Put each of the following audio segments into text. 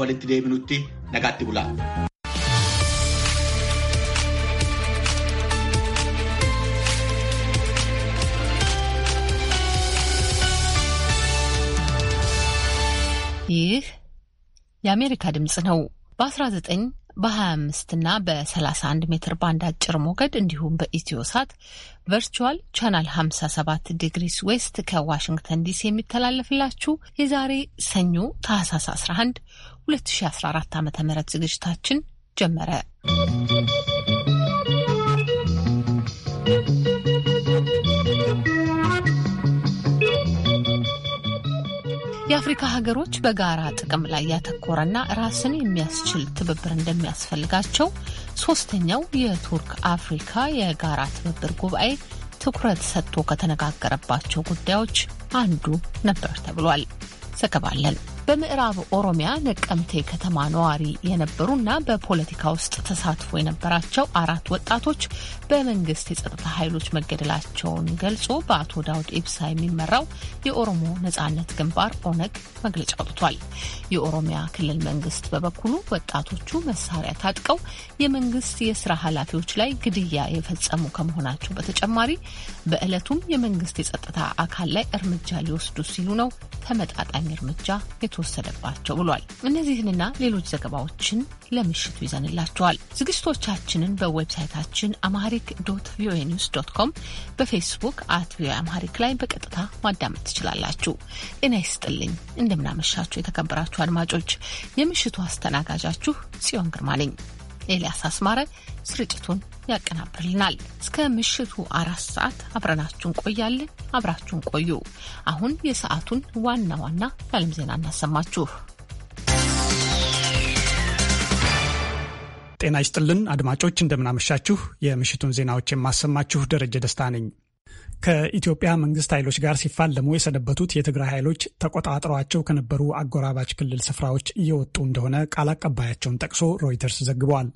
walitti deebinutti nagaatti bula. ይህ የአሜሪካ ድምፅ ነው። በ19 በ25 እና በ31 ሜትር ባንድ አጭር ሞገድ እንዲሁም በኢትዮ ሳት ቨርቹዋል ቻናል 57 ዲግሪስ ዌስት ከዋሽንግተን ዲሲ የሚተላለፍላችሁ የዛሬ ሰኞ ታህሳስ 11 2014 ዓ ም ዝግጅታችን ጀመረ። የአፍሪካ ሀገሮች በጋራ ጥቅም ላይ ያተኮረና ራስን የሚያስችል ትብብር እንደሚያስፈልጋቸው ሶስተኛው የቱርክ አፍሪካ የጋራ ትብብር ጉባኤ ትኩረት ሰጥቶ ከተነጋገረባቸው ጉዳዮች አንዱ ነበር ተብሏል። ዘገባለን። አለን። በምዕራብ ኦሮሚያ ነቀምቴ ከተማ ነዋሪ የነበሩና በፖለቲካ ውስጥ ተሳትፎ የነበራቸው አራት ወጣቶች በመንግስት የጸጥታ ኃይሎች መገደላቸውን ገልጾ በአቶ ዳውድ ኢብሳ የሚመራው የኦሮሞ ነጻነት ግንባር ኦነግ መግለጫ አውጥቷል። የኦሮሚያ ክልል መንግስት በበኩሉ ወጣቶቹ መሳሪያ ታጥቀው የመንግስት የስራ ኃላፊዎች ላይ ግድያ የፈጸሙ ከመሆናቸው በተጨማሪ በዕለቱም የመንግስት የጸጥታ አካል ላይ እርምጃ ሊወስዱ ሲሉ ነው ተመጣጣኝ እርምጃ ተወሰደባቸው ብሏል። እነዚህንና ሌሎች ዘገባዎችን ለምሽቱ ይዘንላቸዋል። ዝግጅቶቻችንን በዌብሳይታችን አማሪክ ዶት ቪኦኤ ኒውስ ዶት ኮም፣ በፌስቡክ አት ቪኦኤ አማሪክ ላይ በቀጥታ ማዳመጥ ትችላላችሁ። ጤና ይስጥልኝ። እንደምናመሻችሁ የተከበራችሁ አድማጮች፣ የምሽቱ አስተናጋጃችሁ ጽዮን ግርማ ነኝ። ኤልያስ አስማረ ስርጭቱን ያቀናብርልናል። እስከ ምሽቱ አራት ሰዓት አብረናችሁን ቆያለን። አብራችሁን ቆዩ። አሁን የሰዓቱን ዋና ዋና የዓለም ዜና እናሰማችሁ። ጤና ይስጥልን አድማጮች፣ እንደምናመሻችሁ። የምሽቱን ዜናዎች የማሰማችሁ ደረጀ ደስታ ነኝ። ከኢትዮጵያ መንግስት ኃይሎች ጋር ሲፋለሙ የሰነበቱት የትግራይ ኃይሎች ተቆጣጥረዋቸው ከነበሩ አጎራባች ክልል ስፍራዎች እየወጡ እንደሆነ ቃል አቀባያቸውን ጠቅሶ ሮይተርስ ዘግቧል።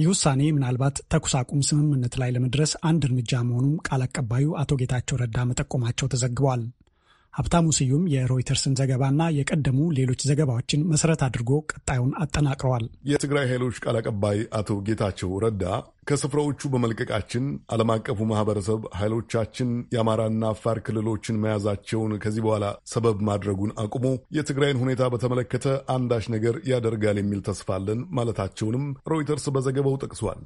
ይህ ውሳኔ ምናልባት ተኩስ አቁም ስምምነት ላይ ለመድረስ አንድ እርምጃ መሆኑም ቃል አቀባዩ አቶ ጌታቸው ረዳ መጠቆማቸው ተዘግቧል። ሀብታሙ ስዩም የሮይተርስን ዘገባና የቀደሙ ሌሎች ዘገባዎችን መሰረት አድርጎ ቀጣዩን አጠናቅረዋል። የትግራይ ኃይሎች ቃል አቀባይ አቶ ጌታቸው ረዳ ከስፍራዎቹ በመልቀቃችን ዓለም አቀፉ ማህበረሰብ ኃይሎቻችን የአማራና አፋር ክልሎችን መያዛቸውን ከዚህ በኋላ ሰበብ ማድረጉን አቁሞ የትግራይን ሁኔታ በተመለከተ አንዳች ነገር ያደርጋል የሚል ተስፋ አለን ማለታቸውንም ሮይተርስ በዘገባው ጠቅሷል።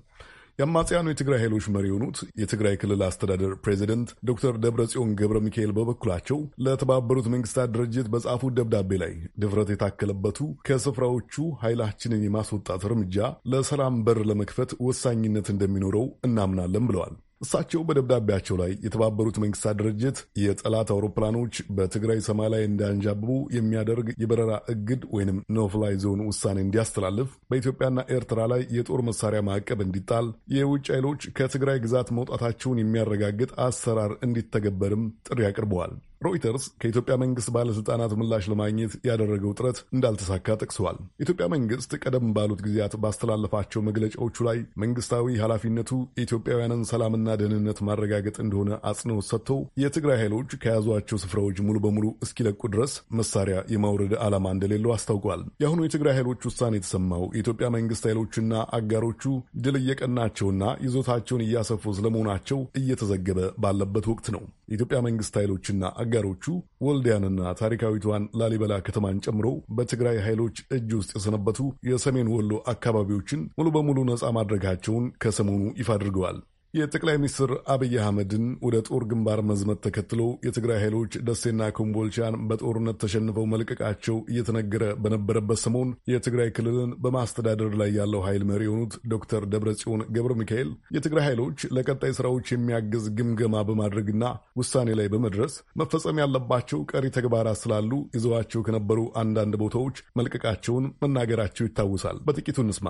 የአማጽያኑ የትግራይ ኃይሎች መሪ የሆኑት የትግራይ ክልል አስተዳደር ፕሬዚደንት ዶክተር ደብረጽዮን ገብረ ሚካኤል በበኩላቸው ለተባበሩት መንግስታት ድርጅት በጻፉት ደብዳቤ ላይ ድፍረት የታከለበቱ ከስፍራዎቹ ኃይላችንን የማስወጣት እርምጃ ለሰላም በር ለመክፈት ወሳኝነት እንደሚኖረው እናምናለን ብለዋል። እሳቸው በደብዳቤያቸው ላይ የተባበሩት መንግስታት ድርጅት የጠላት አውሮፕላኖች በትግራይ ሰማይ ላይ እንዳንዣብቡ የሚያደርግ የበረራ እግድ ወይም ኖፍላይ ዞን ውሳኔ እንዲያስተላልፍ፣ በኢትዮጵያና ኤርትራ ላይ የጦር መሳሪያ ማዕቀብ እንዲጣል፣ የውጭ ኃይሎች ከትግራይ ግዛት መውጣታቸውን የሚያረጋግጥ አሰራር እንዲተገበርም ጥሪ አቅርበዋል። ሮይተርስ ከኢትዮጵያ መንግስት ባለስልጣናት ምላሽ ለማግኘት ያደረገው ጥረት እንዳልተሳካ ጠቅሰዋል። ኢትዮጵያ መንግስት ቀደም ባሉት ጊዜያት ባስተላለፋቸው መግለጫዎቹ ላይ መንግስታዊ ኃላፊነቱ የኢትዮጵያውያንን ሰላምና ደህንነት ማረጋገጥ እንደሆነ አጽንኦት ሰጥቶ የትግራይ ኃይሎች ከያዟቸው ስፍራዎች ሙሉ በሙሉ እስኪለቁ ድረስ መሳሪያ የማውረድ ዓላማ እንደሌለው አስታውቋል። የአሁኑ የትግራይ ኃይሎች ውሳኔ የተሰማው የኢትዮጵያ መንግስት ኃይሎችና አጋሮቹ ድል እየቀናቸውና ይዞታቸውን እያሰፉ ስለመሆናቸው እየተዘገበ ባለበት ወቅት ነው። የኢትዮጵያ መንግስት ኃይሎችና አጋሮቹ ወልዲያንና ታሪካዊቷን ላሊበላ ከተማን ጨምሮ በትግራይ ኃይሎች እጅ ውስጥ የሰነበቱ የሰሜን ወሎ አካባቢዎችን ሙሉ በሙሉ ነፃ ማድረጋቸውን ከሰሞኑ ይፋ አድርገዋል። የጠቅላይ ሚኒስትር አብይ አህመድን ወደ ጦር ግንባር መዝመት ተከትሎ የትግራይ ኃይሎች ደሴና ኮምቦልቻን በጦርነት ተሸንፈው መልቀቃቸው እየተነገረ በነበረበት ሰሞን የትግራይ ክልልን በማስተዳደር ላይ ያለው ኃይል መሪ የሆኑት ዶክተር ደብረጽዮን ገብረ ሚካኤል የትግራይ ኃይሎች ለቀጣይ ስራዎች የሚያግዝ ግምገማ በማድረግና ውሳኔ ላይ በመድረስ መፈጸም ያለባቸው ቀሪ ተግባራት ስላሉ ይዘዋቸው ከነበሩ አንዳንድ ቦታዎች መልቀቃቸውን መናገራቸው ይታወሳል። በጥቂቱ እንስማ።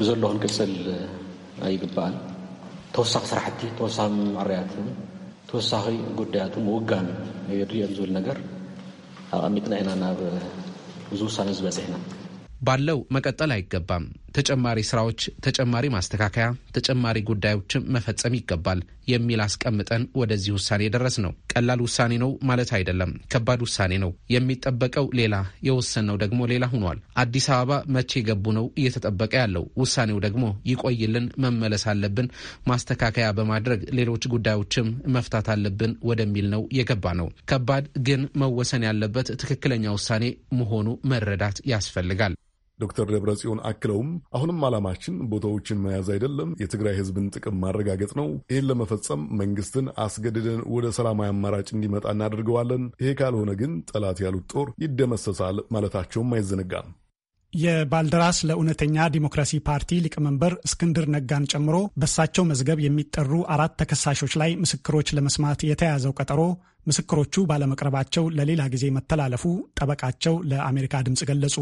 ብዘለኹን ቅጽል አይግባል ተወሳኺ ስራሕቲ ተወሳኺ ምዕርያትን ተወሳኺ ጉዳያት ምውጋን የድልዮም ዝብል ነገር ኣቐሚጥና ኢና ናብ እዚ ውሳነ ዝበፅሕና ባለው መቀጠል አይገባም። ተጨማሪ ስራዎች፣ ተጨማሪ ማስተካከያ፣ ተጨማሪ ጉዳዮችን መፈጸም ይገባል የሚል አስቀምጠን ወደዚህ ውሳኔ ደረስ ነው። ቀላል ውሳኔ ነው ማለት አይደለም። ከባድ ውሳኔ ነው። የሚጠበቀው ሌላ፣ የወሰነው ደግሞ ሌላ ሆኗል። አዲስ አበባ መቼ ገቡ ነው እየተጠበቀ ያለው። ውሳኔው ደግሞ ይቆይልን፣ መመለስ አለብን፣ ማስተካከያ በማድረግ ሌሎች ጉዳዮችም መፍታት አለብን ወደሚል ነው የገባ ነው። ከባድ ግን መወሰን ያለበት ትክክለኛ ውሳኔ መሆኑ መረዳት ያስፈልጋል። ዶክተር ደብረጽዮን አክለውም አሁንም ዓላማችን ቦታዎችን መያዝ አይደለም፣ የትግራይ ህዝብን ጥቅም ማረጋገጥ ነው። ይህን ለመፈጸም መንግስትን አስገድደን ወደ ሰላማዊ አማራጭ እንዲመጣ እናደርገዋለን። ይሄ ካልሆነ ግን ጠላት ያሉት ጦር ይደመሰሳል ማለታቸውም አይዘነጋም። የባልደራስ ለእውነተኛ ዲሞክራሲ ፓርቲ ሊቀመንበር እስክንድር ነጋን ጨምሮ በሳቸው መዝገብ የሚጠሩ አራት ተከሳሾች ላይ ምስክሮች ለመስማት የተያዘው ቀጠሮ ምስክሮቹ ባለመቅረባቸው ለሌላ ጊዜ መተላለፉ ጠበቃቸው ለአሜሪካ ድምፅ ገለጹ።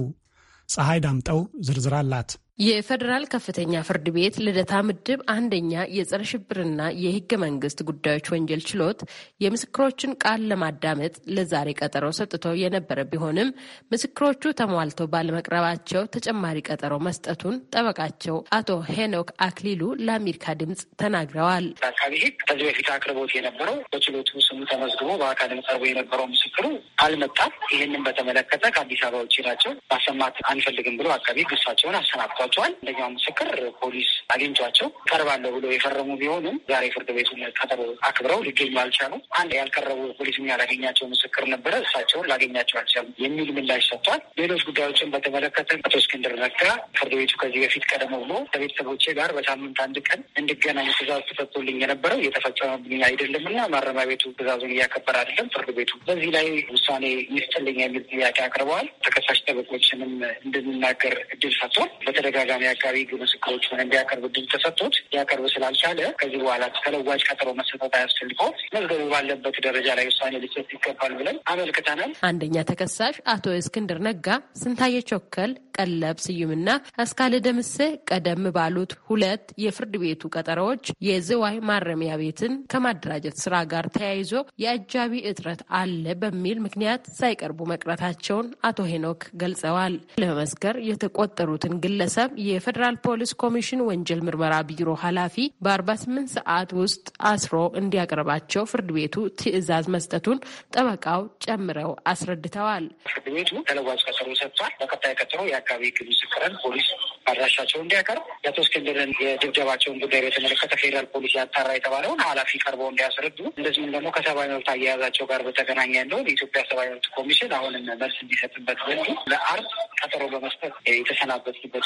ፀሐይ ዳምጠው ዝርዝር አላት። የፌዴራል ከፍተኛ ፍርድ ቤት ልደታ ምድብ አንደኛ የጸረ ሽብርና የህገ መንግስት ጉዳዮች ወንጀል ችሎት የምስክሮችን ቃል ለማዳመጥ ለዛሬ ቀጠሮ ሰጥቶ የነበረ ቢሆንም ምስክሮቹ ተሟልተው ባለመቅረባቸው ተጨማሪ ቀጠሮ መስጠቱን ጠበቃቸው አቶ ሄኖክ አክሊሉ ለአሜሪካ ድምጽ ተናግረዋል። አቃቤ ህግ ከዚህ በፊት አቅርቦት የነበረው በችሎቱ ስሙ ተመዝግቦ በአካልም ቀርቦ የነበረው ምስክሩ አልመጣም። ይህንም በተመለከተ ከአዲስ አበባ ውጭ ናቸው ማሰማት አንፈልግም ብሎ አቃቤ ግሳቸውን አሰናብቷል። ተሰጥቷቸዋል። አንደኛው ምስክር ፖሊስ አግኝቷቸው እቀርባለሁ ብሎ የፈረሙ ቢሆንም ዛሬ ፍርድ ቤቱን ቀጠሮ አክብረው ሊገኙ አልቻሉ። አንድ ያልቀረቡ ፖሊስ ያላገኛቸው ምስክር ነበረ፣ እሳቸውን ላገኛቸው አልቻሉ የሚል ምላሽ ሰጥቷል። ሌሎች ጉዳዮችን በተመለከተ አቶ እስክንድር ነጋ ፍርድ ቤቱ ከዚህ በፊት ቀደም ብሎ ከቤተሰቦቼ ጋር በሳምንት አንድ ቀን እንድገናኝ ትእዛዝ ተሰጥቶልኝ የነበረው እየተፈጸመብኝ አይደለም እና ማረሚያ ቤቱ ትእዛዙን እያከበረ አይደለም፣ ፍርድ ቤቱ በዚህ ላይ ውሳኔ ይስጥልኝ የሚል ጥያቄ አቅርበዋል። ተከሳሽ ጠበቆችንም እንድንናገር እድል ሰጥቷል። በተደጋጋሚ አቃቢ ምስክሮች ሆነ እንዲያቀርብ ድል ተሰጥቶት ሊያቀርብ ስላልቻለ ከዚህ በኋላ ተለዋጭ ቀጠሮ መሰጠት አያስፈልገው መዝገቡ ባለበት ደረጃ ላይ ውሳኔ ሊሰጥ ይገባል ብለን አመልክተናል። አንደኛ ተከሳሽ አቶ እስክንድር ነጋ፣ ስንታየ ቾከል ቀለብ ስዩምና አስካለ ደምሴ ቀደም ባሉት ሁለት የፍርድ ቤቱ ቀጠሮዎች የዝዋይ ማረሚያ ቤትን ከማደራጀት ስራ ጋር ተያይዞ የአጃቢ እጥረት አለ በሚል ምክንያት ሳይቀርቡ መቅረታቸውን አቶ ሄኖክ ገልጸዋል። ለመመስከር የተቆጠሩትን ግለሰብ በመጠቀም የፌዴራል ፖሊስ ኮሚሽን ወንጀል ምርመራ ቢሮ ኃላፊ በ48 ሰዓት ውስጥ አስሮ እንዲያቀርባቸው ፍርድ ቤቱ ትዕዛዝ መስጠቱን ጠበቃው ጨምረው አስረድተዋል። ፍርድ ቤቱ ተለዋጭ ቀጠሮ ሰጥቷል። በቀጣይ ቀጠሮ የአካባቢ ህግ ምስክርን ፖሊስ አድራሻቸው እንዲያቀርብ የአቶ እስክንድርን የድብደባቸውን ጉዳይ በተመለከተ ፌዴራል ፖሊስ ያጣራ የተባለውን ኃላፊ ቀርበው እንዲያስረዱ፣ እንደዚሁም ደግሞ ከሰብአዊ መብት አያያዛቸው ጋር በተገናኘ ያለውን የኢትዮጵያ ሰብአዊ መብት ኮሚሽን አሁንም መልስ እንዲሰጥበት በሚል ለአርብ ቀጠሮ በመስጠት የተሰናበትበት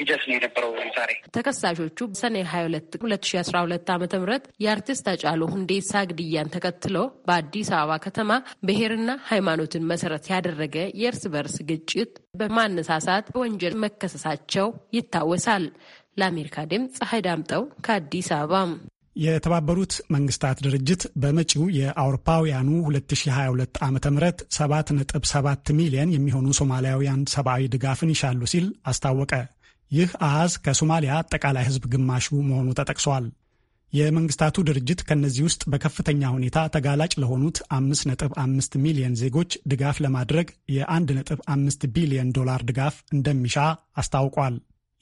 ሂደት ነው የነበረው። ዛሬ ተከሳሾቹ ሰኔ ሀያ ሁለት ሁለት ሺ አስራ ሁለት ዓመተ ምህረት የአርቲስት አጫሉ ሁንዴሳ ግድያን ተከትሎ በአዲስ አበባ ከተማ ብሔርና ሃይማኖትን መሰረት ያደረገ የእርስ በርስ ግጭት በማነሳሳት ወንጀል መከሰሳቸው ይታወሳል። ለአሜሪካ ድምፅ ፀሐይ ዳምጠው ከአዲስ አበባ። የተባበሩት መንግስታት ድርጅት በመጪው የአውሮፓውያኑ 2022 ዓ ም 7.7 ሚሊዮን የሚሆኑ ሶማሊያውያን ሰብአዊ ድጋፍን ይሻሉ ሲል አስታወቀ። ይህ አሃዝ ከሶማሊያ አጠቃላይ ሕዝብ ግማሹ መሆኑ ተጠቅሷል። የመንግስታቱ ድርጅት ከነዚህ ውስጥ በከፍተኛ ሁኔታ ተጋላጭ ለሆኑት 5.5 ሚሊዮን ዜጎች ድጋፍ ለማድረግ የ1.5 ቢሊዮን ዶላር ድጋፍ እንደሚሻ አስታውቋል።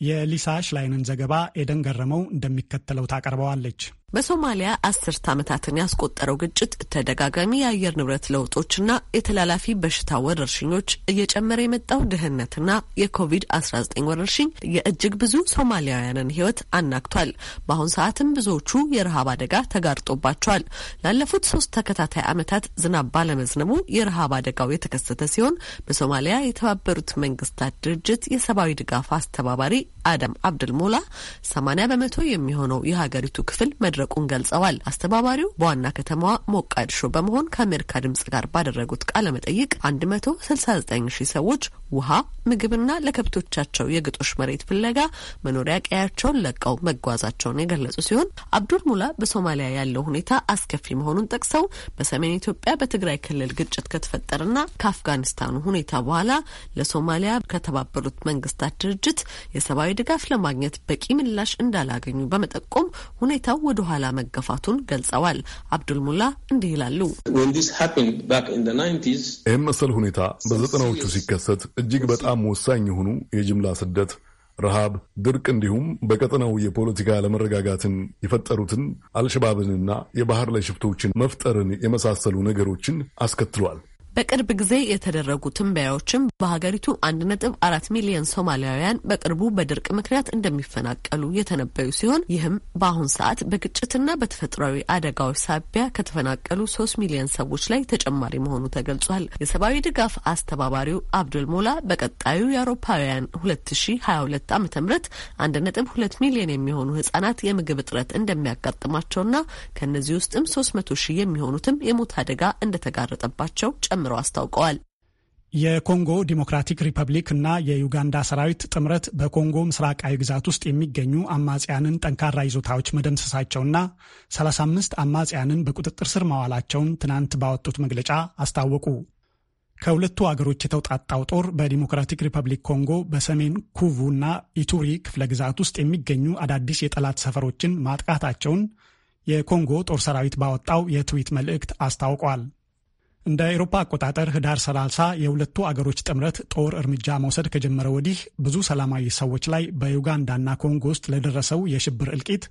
የሊሳ ሽላይንን ዘገባ ኤደን ገረመው እንደሚከተለው ታቀርበዋለች። በሶማሊያ አስርት ዓመታትን ያስቆጠረው ግጭት፣ ተደጋጋሚ የአየር ንብረት ለውጦችና የተላላፊ በሽታ ወረርሽኞች፣ እየጨመረ የመጣው ድህነትና የኮቪድ-19 ወረርሽኝ የእጅግ ብዙ ሶማሊያውያንን ሕይወት አናግቷል። በአሁን ሰዓትም ብዙዎቹ የረሃብ አደጋ ተጋርጦባቸዋል። ላለፉት ሶስት ተከታታይ ዓመታት ዝናብ ባለመዝነቡ የረሃብ አደጋው የተከሰተ ሲሆን በሶማሊያ የተባበሩት መንግስታት ድርጅት የሰብአዊ ድጋፍ አስተባባሪ አደም አብድል ሞላ 80 በመቶ የሚሆነው የሀገሪቱ ክፍል መድረ መድረቁን ገልጸዋል። አስተባባሪው በዋና ከተማዋ ሞቃዲሾ በመሆን ከአሜሪካ ድምጽ ጋር ባደረጉት ቃለ መጠይቅ 169 ሺህ ሰዎች ውሃ፣ ምግብና ለከብቶቻቸው የግጦሽ መሬት ፍለጋ መኖሪያ ቀያቸውን ለቀው መጓዛቸውን የገለጹ ሲሆን አብዱል ሙላ በሶማሊያ ያለው ሁኔታ አስከፊ መሆኑን ጠቅሰው በሰሜን ኢትዮጵያ በትግራይ ክልል ግጭት ከተፈጠረና ከአፍጋኒስታኑ ሁኔታ በኋላ ለሶማሊያ ከተባበሩት መንግስታት ድርጅት የሰብአዊ ድጋፍ ለማግኘት በቂ ምላሽ እንዳላገኙ በመጠቆም ሁኔታው ወደኋላ መገፋቱን ገልጸዋል። አብዱል ሙላ እንዲህ ይላሉ። ይህ መሰል ሁኔታ በዘጠናዎቹ ሲከሰት እጅግ በጣም ወሳኝ የሆኑ የጅምላ ስደት፣ ረሃብ፣ ድርቅ እንዲሁም በቀጠናው የፖለቲካ አለመረጋጋትን የፈጠሩትን አልሸባብንና የባህር ላይ ሽፍቶችን መፍጠርን የመሳሰሉ ነገሮችን አስከትሏል። በቅርብ ጊዜ የተደረጉ ትንበያዎችም በሀገሪቱ አንድ ነጥብ አራት ሚሊዮን ሶማሊያውያን በቅርቡ በድርቅ ምክንያት እንደሚፈናቀሉ የተነበዩ ሲሆን ይህም በአሁን ሰዓት በግጭትና በተፈጥሯዊ አደጋዎች ሳቢያ ከተፈናቀሉ ሶስት ሚሊዮን ሰዎች ላይ ተጨማሪ መሆኑ ተገልጿል። የሰብአዊ ድጋፍ አስተባባሪው አብዱል ሞላ በቀጣዩ የአውሮፓውያን ሁለት ሺ ሀያ ሁለት ዓመተ ምህረት አንድ ነጥብ ሁለት ሚሊዮን የሚሆኑ ህጻናት የምግብ እጥረት እንደሚያጋጥማቸውና ከእነዚህ ውስጥም ሶስት መቶ ሺህ የሚሆኑትም የሞት አደጋ እንደተጋረጠባቸው ጨምረዋል። ጨምሮ አስታውቀዋል። የኮንጎ ዲሞክራቲክ ሪፐብሊክ እና የዩጋንዳ ሰራዊት ጥምረት በኮንጎ ምስራቃዊ ግዛት ውስጥ የሚገኙ አማጽያንን ጠንካራ ይዞታዎች መደምሰሳቸውና 35 አማጽያንን በቁጥጥር ስር ማዋላቸውን ትናንት ባወጡት መግለጫ አስታወቁ። ከሁለቱ አገሮች የተውጣጣው ጦር በዲሞክራቲክ ሪፐብሊክ ኮንጎ በሰሜን ኩቡ እና ኢቱሪ ክፍለ ግዛት ውስጥ የሚገኙ አዳዲስ የጠላት ሰፈሮችን ማጥቃታቸውን የኮንጎ ጦር ሰራዊት ባወጣው የትዊት መልእክት አስታውቋል። እንደ አውሮፓ አቆጣጠር ህዳር 30 የሁለቱ አገሮች ጥምረት ጦር እርምጃ መውሰድ ከጀመረ ወዲህ ብዙ ሰላማዊ ሰዎች ላይ በዩጋንዳና ኮንጎ ውስጥ ለደረሰው የሽብር እልቂት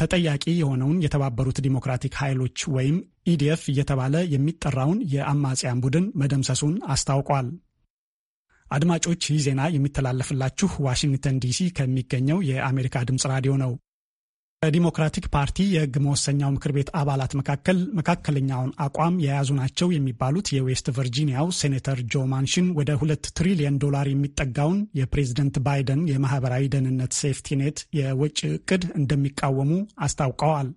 ተጠያቂ የሆነውን የተባበሩት ዲሞክራቲክ ኃይሎች ወይም ኢዲኤፍ እየተባለ የሚጠራውን የአማጽያን ቡድን መደምሰሱን አስታውቋል። አድማጮች ይህ ዜና የሚተላለፍላችሁ ዋሽንግተን ዲሲ ከሚገኘው የአሜሪካ ድምፅ ራዲዮ ነው። በዲሞክራቲክ ፓርቲ የህግ መወሰኛው ምክር ቤት አባላት መካከል መካከለኛውን አቋም የያዙ ናቸው የሚባሉት የዌስት ቨርጂኒያው ሴኔተር ጆ ማንሽን ወደ ሁለት ትሪሊየን ዶላር የሚጠጋውን የፕሬዝደንት ባይደን የማህበራዊ ደህንነት ሴፍቲኔት የወጪ እቅድ እንደሚቃወሙ አስታውቀዋል።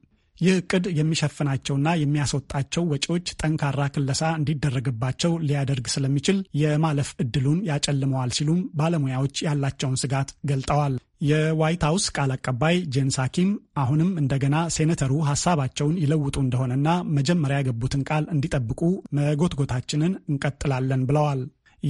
ይህ እቅድ የሚሸፍናቸውና የሚያስወጣቸው ወጪዎች ጠንካራ ክለሳ እንዲደረግባቸው ሊያደርግ ስለሚችል የማለፍ እድሉን ያጨልመዋል ሲሉም ባለሙያዎች ያላቸውን ስጋት ገልጠዋል። የዋይት ሀውስ ቃል አቀባይ ጄን ሳኪም አሁንም እንደገና ሴኔተሩ ሀሳባቸውን ይለውጡ እንደሆነና መጀመሪያ የገቡትን ቃል እንዲጠብቁ መጎትጎታችንን እንቀጥላለን ብለዋል።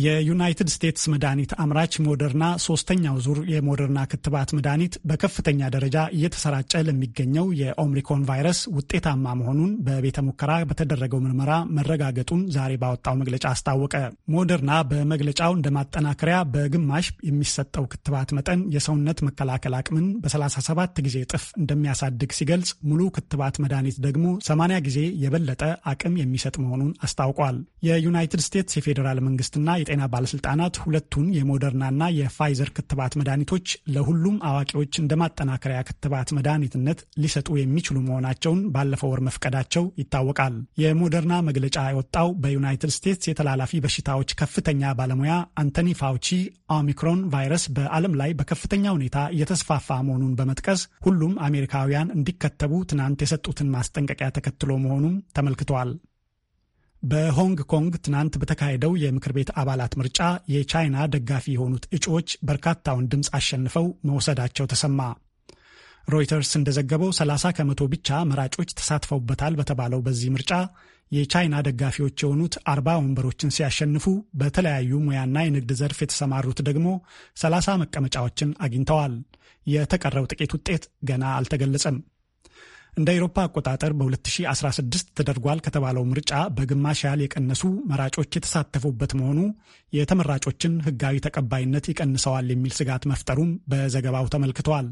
የዩናይትድ ስቴትስ መድኃኒት አምራች ሞደርና ሶስተኛው ዙር የሞደርና ክትባት መድኃኒት በከፍተኛ ደረጃ እየተሰራጨ ለሚገኘው የኦምሪኮን ቫይረስ ውጤታማ መሆኑን በቤተ ሙከራ በተደረገው ምርመራ መረጋገጡን ዛሬ ባወጣው መግለጫ አስታወቀ። ሞደርና በመግለጫው እንደ ማጠናከሪያ በግማሽ የሚሰጠው ክትባት መጠን የሰውነት መከላከል አቅምን በ37 ጊዜ እጥፍ እንደሚያሳድግ ሲገልጽ፣ ሙሉ ክትባት መድኃኒት ደግሞ 80 ጊዜ የበለጠ አቅም የሚሰጥ መሆኑን አስታውቋል። የዩናይትድ ስቴትስ የፌዴራል መንግስትና የጤና ባለስልጣናት ሁለቱን የሞደርናና የፋይዘር ክትባት መድኃኒቶች ለሁሉም አዋቂዎች እንደ ማጠናከሪያ ክትባት መድኃኒትነት ሊሰጡ የሚችሉ መሆናቸውን ባለፈው ወር መፍቀዳቸው ይታወቃል። የሞደርና መግለጫ የወጣው በዩናይትድ ስቴትስ የተላላፊ በሽታዎች ከፍተኛ ባለሙያ አንቶኒ ፋውቺ ኦሚክሮን ቫይረስ በዓለም ላይ በከፍተኛ ሁኔታ እየተስፋፋ መሆኑን በመጥቀስ ሁሉም አሜሪካውያን እንዲከተቡ ትናንት የሰጡትን ማስጠንቀቂያ ተከትሎ መሆኑም ተመልክተዋል። በሆንግ ኮንግ ትናንት በተካሄደው የምክር ቤት አባላት ምርጫ የቻይና ደጋፊ የሆኑት እጩዎች በርካታውን ድምፅ አሸንፈው መውሰዳቸው ተሰማ። ሮይተርስ እንደዘገበው 30 ከመቶ ብቻ መራጮች ተሳትፈውበታል በተባለው በዚህ ምርጫ የቻይና ደጋፊዎች የሆኑት 40 ወንበሮችን ሲያሸንፉ በተለያዩ ሙያና የንግድ ዘርፍ የተሰማሩት ደግሞ 30 መቀመጫዎችን አግኝተዋል። የተቀረው ጥቂት ውጤት ገና አልተገለጸም። እንደ አውሮፓ አቆጣጠር በ2016 ተደርጓል ከተባለው ምርጫ በግማሽ ያህል የቀነሱ መራጮች የተሳተፉበት መሆኑ የተመራጮችን ሕጋዊ ተቀባይነት ይቀንሰዋል የሚል ስጋት መፍጠሩም በዘገባው ተመልክቷል።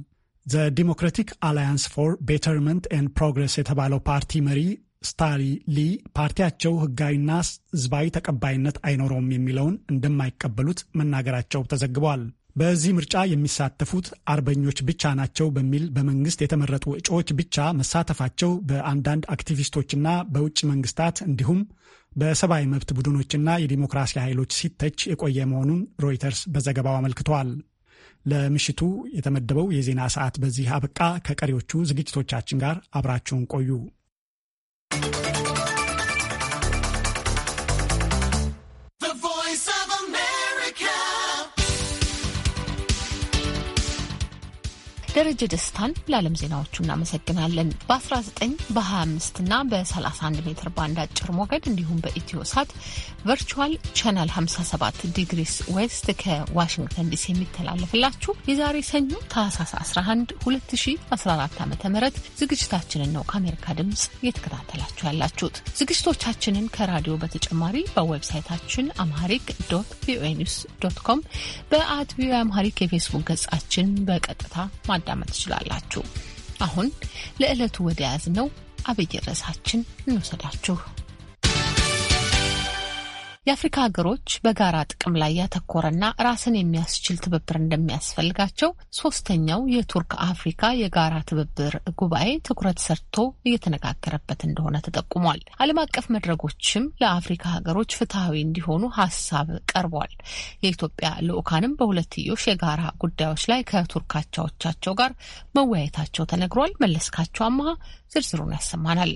ዘ ዲሞክራቲክ አላያንስ ፎር ቤተርመንት ኤንድ ፕሮግረስ የተባለው ፓርቲ መሪ ስታሪ ሊ ፓርቲያቸው ሕጋዊና ሕዝባዊ ተቀባይነት አይኖረውም የሚለውን እንደማይቀበሉት መናገራቸው ተዘግቧል። በዚህ ምርጫ የሚሳተፉት አርበኞች ብቻ ናቸው በሚል በመንግስት የተመረጡ እጩዎች ብቻ መሳተፋቸው በአንዳንድ አክቲቪስቶችና በውጭ መንግስታት እንዲሁም በሰብአዊ መብት ቡድኖችና የዲሞክራሲ ኃይሎች ሲተች የቆየ መሆኑን ሮይተርስ በዘገባው አመልክተዋል። ለምሽቱ የተመደበው የዜና ሰዓት በዚህ አበቃ። ከቀሪዎቹ ዝግጅቶቻችን ጋር አብራችሁን ቆዩ። ደረጀ ደስታን ለዓለም ዜናዎቹ እናመሰግናለን። በ19 በ25 እና በ31 ሜትር ባንድ አጭር ሞገድ እንዲሁም በኢትዮ ሳት ቨርቹዋል ቻናል 57 ዲግሪስ ዌስት ከዋሽንግተን ዲሲ የሚተላለፍላችሁ የዛሬ ሰኞ ታህሳስ 11 2014 ዓ ም ዝግጅታችንን ነው ከአሜሪካ ድምፅ እየተከታተላችሁ ያላችሁት። ዝግጅቶቻችንን ከራዲዮ በተጨማሪ በዌብሳይታችን አምሃሪክ ዶት ቪኦኤ ኒውስ ዶት ኮም በአት ቪኦኤ አምሃሪክ የፌስቡክ ገጻችን በቀጥታ ማ ማዳመጥ ትችላላችሁ። አሁን ለዕለቱ ወደ ያዝነው አብይ ርዕሳችን እንወሰዳችሁ። የአፍሪካ ሀገሮች በጋራ ጥቅም ላይ ያተኮረና ራስን የሚያስችል ትብብር እንደሚያስፈልጋቸው ሶስተኛው የቱርክ አፍሪካ የጋራ ትብብር ጉባኤ ትኩረት ሰርቶ እየተነጋገረበት እንደሆነ ተጠቁሟል። ዓለም አቀፍ መድረኮችም ለአፍሪካ ሀገሮች ፍትሐዊ እንዲሆኑ ሀሳብ ቀርቧል። የኢትዮጵያ ልዑካንም በሁለትዮሽ የጋራ ጉዳዮች ላይ ከቱርክ አቻዎቻቸው ጋር መወያየታቸው ተነግሯል። መለስካቸው አማሃ ዝርዝሩን ያሰማናል።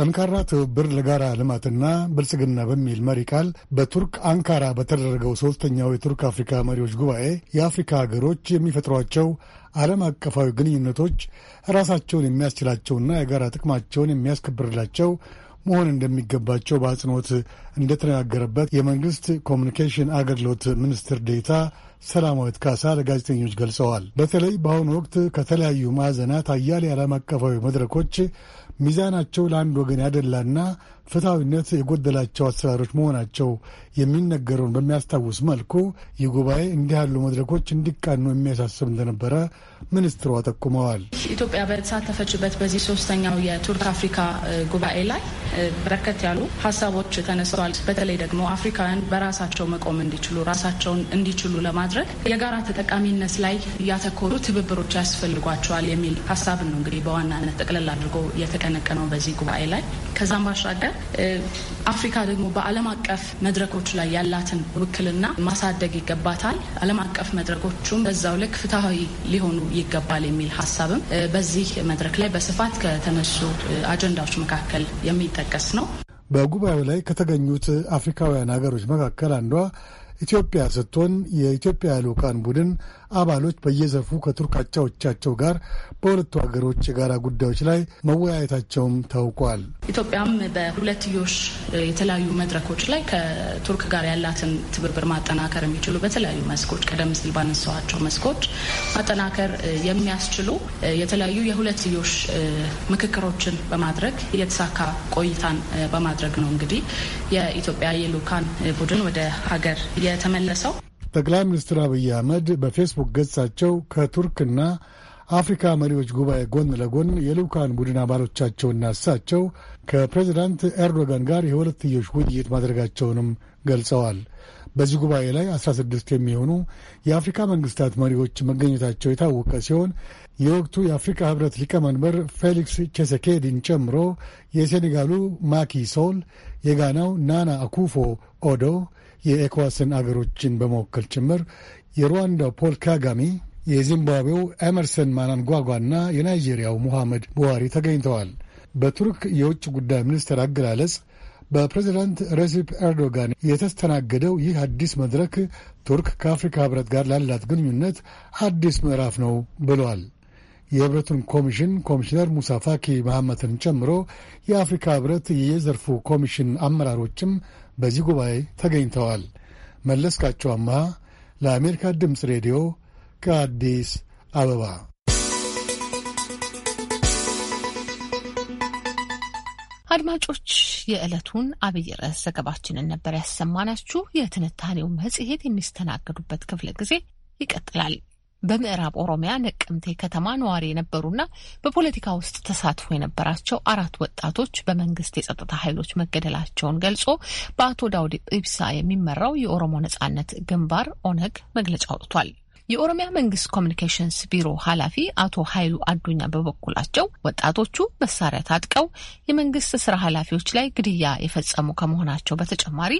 ጠንካራ ትብብር ለጋራ ልማትና ብልጽግና በሚል መሪ ቃል በቱርክ አንካራ በተደረገው ሶስተኛው የቱርክ አፍሪካ መሪዎች ጉባኤ የአፍሪካ ሀገሮች የሚፈጥሯቸው ዓለም አቀፋዊ ግንኙነቶች ራሳቸውን የሚያስችላቸውና የጋራ ጥቅማቸውን የሚያስከብርላቸው መሆን እንደሚገባቸው በአጽንኦት እንደተነጋገረበት የመንግስት ኮሚኒኬሽን አገልግሎት ሚኒስትር ዴታ ሰላማዊት ካሳ ለጋዜጠኞች ገልጸዋል። በተለይ በአሁኑ ወቅት ከተለያዩ ማዕዘናት አያሌ ዓለም አቀፋዊ መድረኮች ሚዛናቸው ለአንድ ወገን ያደላና ፍትሐዊነት የጎደላቸው አሰራሮች መሆናቸው የሚነገረውን በሚያስታውስ መልኩ ይህ ጉባኤ እንዲህ ያሉ መድረኮች እንዲቃኑ የሚያሳስብ እንደነበረ ሚኒስትሯ ጠቁመዋል። ኢትዮጵያ በተሳተፈችበት በዚህ ሶስተኛው የቱርክ አፍሪካ ጉባኤ ላይ በርከት ያሉ ሀሳቦች ተነስተዋል። በተለይ ደግሞ አፍሪካውያን በራሳቸው መቆም እንዲችሉ ራሳቸውን እንዲችሉ ለማድረግ የጋራ ተጠቃሚነት ላይ ያተኮሩ ትብብሮች ያስፈልጓቸዋል የሚል ሀሳብ ነው እንግዲህ በዋናነት ጠቅለል አድርጎ የተቀነቀነው በዚህ ጉባኤ ላይ ከዛም ባሻገር አፍሪካ ደግሞ በዓለም አቀፍ መድረኮች ላይ ያላትን ውክልና ማሳደግ ይገባታል። ዓለም አቀፍ መድረኮቹም በዛው ልክ ፍትሐዊ ሊሆኑ ይገባል የሚል ሀሳብም በዚህ መድረክ ላይ በስፋት ከተነሱ አጀንዳዎች መካከል የሚጠቀስ ነው። በጉባኤው ላይ ከተገኙት አፍሪካውያን ሀገሮች መካከል አንዷ ኢትዮጵያ ስትሆን የኢትዮጵያ ልዑካን ቡድን አባሎች በየዘርፉ ከቱርክ አቻዎቻቸው ጋር በሁለቱ ሀገሮች የጋራ ጉዳዮች ላይ መወያየታቸውም ታውቋል። ኢትዮጵያም በሁለትዮሽ የተለያዩ መድረኮች ላይ ከቱርክ ጋር ያላትን ትብብር ማጠናከር የሚችሉ በተለያዩ መስኮች ቀደም ሲል ባነሳዋቸው መስኮች ማጠናከር የሚያስችሉ የተለያዩ የሁለትዮሽ ምክክሮችን በማድረግ የተሳካ ቆይታን በማድረግ ነው እንግዲህ የኢትዮጵያ የልዑካን ቡድን ወደ ሀገር የተመለሰው። ጠቅላይ ሚኒስትር አብይ አህመድ በፌስቡክ ገጻቸው ከቱርክና አፍሪካ መሪዎች ጉባኤ ጎን ለጎን የልዑካን ቡድን አባሎቻቸውና እሳቸው ከፕሬዚዳንት ኤርዶጋን ጋር የሁለትዮሽ ውይይት ማድረጋቸውንም ገልጸዋል። በዚህ ጉባኤ ላይ 16 የሚሆኑ የአፍሪካ መንግስታት መሪዎች መገኘታቸው የታወቀ ሲሆን የወቅቱ የአፍሪካ ህብረት ሊቀመንበር ፌሊክስ ቼሴኬዲን ጨምሮ የሴኔጋሉ ማኪ ሶል፣ የጋናው ናና አኩፎ ኦዶ፣ የኤኳስን አገሮችን በመወከል ጭምር የሩዋንዳው ፖል ካጋሚ የዚምባብዌው ኤመርሰን ማናንጓጓና የናይጄሪያው ሙሐመድ ቡሃሪ ተገኝተዋል። በቱርክ የውጭ ጉዳይ ሚኒስትር አገላለጽ በፕሬዚዳንት ረሲፕ ኤርዶጋን የተስተናገደው ይህ አዲስ መድረክ ቱርክ ከአፍሪካ ህብረት ጋር ላላት ግንኙነት አዲስ ምዕራፍ ነው ብሏል። የህብረቱን ኮሚሽን ኮሚሽነር ሙሳ ፋኪ መሐመትን ጨምሮ የአፍሪካ ህብረት የዘርፉ ኮሚሽን አመራሮችም በዚህ ጉባኤ ተገኝተዋል። መለስካቸው አማ ለአሜሪካ ድምፅ ሬዲዮ ከአዲስ አበባ። አድማጮች የዕለቱን አብይ ርዕስ ዘገባችንን ነበር ያሰማናችሁ። የትንታኔው መጽሔት የሚስተናገዱበት ክፍለ ጊዜ ይቀጥላል። በምዕራብ ኦሮሚያ ነቀምቴ ከተማ ነዋሪ የነበሩና በፖለቲካ ውስጥ ተሳትፎ የነበራቸው አራት ወጣቶች በመንግስት የጸጥታ ኃይሎች መገደላቸውን ገልጾ በአቶ ዳውድ ኢብሳ የሚመራው የኦሮሞ ነጻነት ግንባር ኦነግ መግለጫ አውጥቷል። የኦሮሚያ መንግስት ኮሚኒኬሽንስ ቢሮ ኃላፊ አቶ ኃይሉ አዱኛ በበኩላቸው ወጣቶቹ መሳሪያ ታጥቀው የመንግስት ስራ ኃላፊዎች ላይ ግድያ የፈጸሙ ከመሆናቸው በተጨማሪ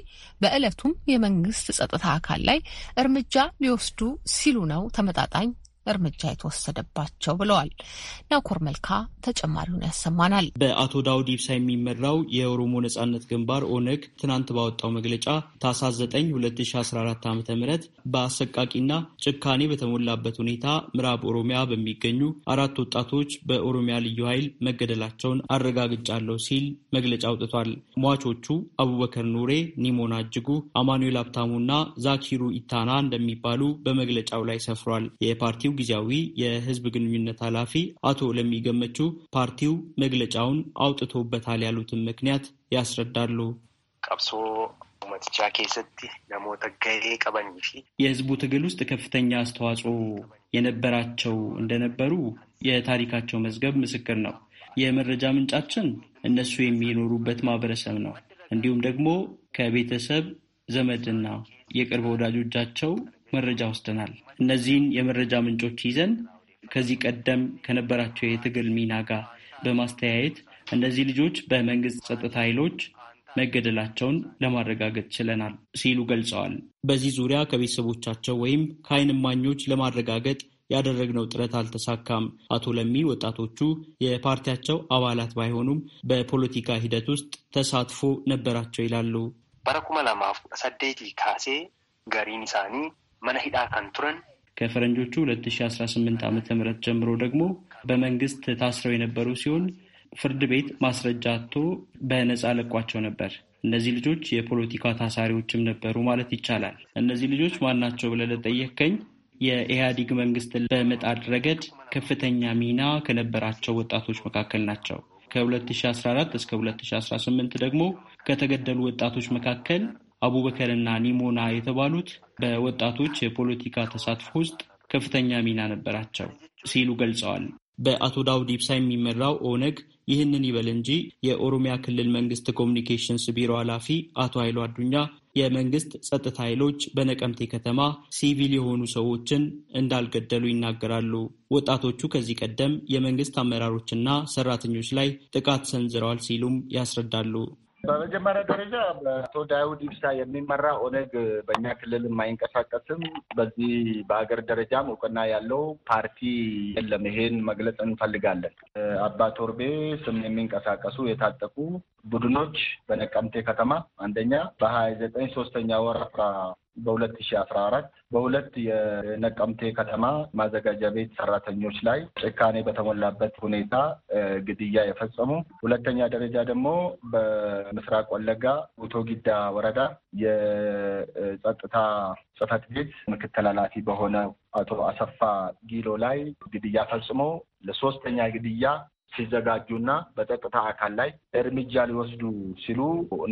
በዕለቱም የመንግስት ጸጥታ አካል ላይ እርምጃ ሊወስዱ ሲሉ ነው ተመጣጣኝ እርምጃ የተወሰደባቸው ብለዋል። ናኮር መልካ ተጨማሪውን ያሰማናል። በአቶ ዳውድ ኢብሳ የሚመራው የኦሮሞ ነጻነት ግንባር ኦነግ ትናንት ባወጣው መግለጫ ታህሳስ 9 2014 ዓ ም በአሰቃቂና ጭካኔ በተሞላበት ሁኔታ ምዕራብ ኦሮሚያ በሚገኙ አራት ወጣቶች በኦሮሚያ ልዩ ኃይል መገደላቸውን አረጋግጫለሁ ሲል መግለጫ አውጥቷል። ሟቾቹ አቡበከር ኑሬ፣ ኒሞና እጅጉ፣ አማኑኤል ሀብታሙና ዛኪሩ ኢታና እንደሚባሉ በመግለጫው ላይ ሰፍሯል። የፓርቲው ጊዜያዊ የህዝብ ግንኙነት ኃላፊ አቶ ለሚገመቹ ፓርቲው መግለጫውን አውጥቶበታል ያሉትን ምክንያት ያስረዳሉ። ቀብሶ መትቻ ኬሰቲ ለሞተ ገሌ ቀበኝ የህዝቡ ትግል ውስጥ ከፍተኛ አስተዋጽኦ የነበራቸው እንደነበሩ የታሪካቸው መዝገብ ምስክር ነው። የመረጃ ምንጫችን እነሱ የሚኖሩበት ማህበረሰብ ነው። እንዲሁም ደግሞ ከቤተሰብ ዘመድና የቅርብ ወዳጆቻቸው መረጃ ወስደናል። እነዚህን የመረጃ ምንጮች ይዘን ከዚህ ቀደም ከነበራቸው የትግል ሚና ጋር በማስተያየት እነዚህ ልጆች በመንግስት ጸጥታ ኃይሎች መገደላቸውን ለማረጋገጥ ችለናል ሲሉ ገልጸዋል። በዚህ ዙሪያ ከቤተሰቦቻቸው ወይም ከአይን እማኞች ለማረጋገጥ ያደረግነው ጥረት አልተሳካም። አቶ ለሚ ወጣቶቹ የፓርቲያቸው አባላት ባይሆኑም በፖለቲካ ሂደት ውስጥ ተሳትፎ ነበራቸው ይላሉ። በረኩመ ለማፍ ካሴ ገሪን ሳኒ መነ ሂዳ ከፈረንጆቹ 2018 ዓ ም ጀምሮ ደግሞ በመንግስት ታስረው የነበሩ ሲሆን ፍርድ ቤት ማስረጃ አቶ በነፃ ለቋቸው ነበር። እነዚህ ልጆች የፖለቲካ ታሳሪዎችም ነበሩ ማለት ይቻላል። እነዚህ ልጆች ማናቸው ብለህ ለጠየከኝ የኢህአዲግ መንግስትን በመጣድ ረገድ ከፍተኛ ሚና ከነበራቸው ወጣቶች መካከል ናቸው። ከ2014 እስከ 2018 ደግሞ ከተገደሉ ወጣቶች መካከል አቡበከርና ኒሞና የተባሉት በወጣቶች የፖለቲካ ተሳትፎ ውስጥ ከፍተኛ ሚና ነበራቸው ሲሉ ገልጸዋል። በአቶ ዳውድ ኢብሳ የሚመራው ኦነግ ይህንን ይበል እንጂ የኦሮሚያ ክልል መንግስት ኮሚኒኬሽንስ ቢሮ ኃላፊ አቶ ኃይሉ አዱኛ የመንግስት ጸጥታ ኃይሎች በነቀምቴ ከተማ ሲቪል የሆኑ ሰዎችን እንዳልገደሉ ይናገራሉ። ወጣቶቹ ከዚህ ቀደም የመንግስት አመራሮችና ሰራተኞች ላይ ጥቃት ሰንዝረዋል ሲሉም ያስረዳሉ። በመጀመሪያ ደረጃ በአቶ ዳውድ ኢብሳ የሚመራ ኦነግ በእኛ ክልል የማይንቀሳቀስም በዚህ በሀገር ደረጃም እውቅና ያለው ፓርቲ የለም። ይሄን መግለጽ እንፈልጋለን። አባ ቶርቤ ስም የሚንቀሳቀሱ የታጠቁ ቡድኖች በነቀምቴ ከተማ አንደኛ በሀያ ዘጠኝ ሶስተኛ አስራ በሁለት ሺ አስራ አራት በሁለት የነቀምቴ ከተማ ማዘጋጃ ቤት ሰራተኞች ላይ ጭካኔ በተሞላበት ሁኔታ ግድያ የፈጸሙ ሁለተኛ ደረጃ ደግሞ በምስራቅ ወለጋ ጉቶ ጊዳ ወረዳ የጸጥታ ጽህፈት ቤት ምክትል ኃላፊ በሆነ አቶ አሰፋ ጊሎ ላይ ግድያ ፈጽሞ ለሶስተኛ ግድያ ሲዘጋጁና በጸጥታ አካል ላይ እርምጃ ሊወስዱ ሲሉ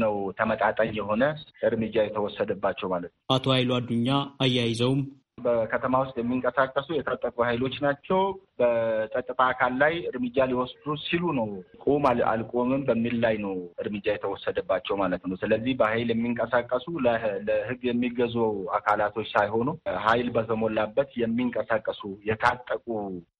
ነው ተመጣጣኝ የሆነ እርምጃ የተወሰደባቸው ማለት ነው። አቶ ኃይሉ አዱኛ አያይዘውም በከተማ ውስጥ የሚንቀሳቀሱ የታጠቁ ኃይሎች ናቸው፣ በጸጥታ አካል ላይ እርምጃ ሊወስዱ ሲሉ ነው ቁም አልቆምም በሚል ላይ ነው እርምጃ የተወሰደባቸው ማለት ነው። ስለዚህ በኃይል የሚንቀሳቀሱ ለሕግ የሚገዙ አካላቶች ሳይሆኑ ኃይል በተሞላበት የሚንቀሳቀሱ የታጠቁ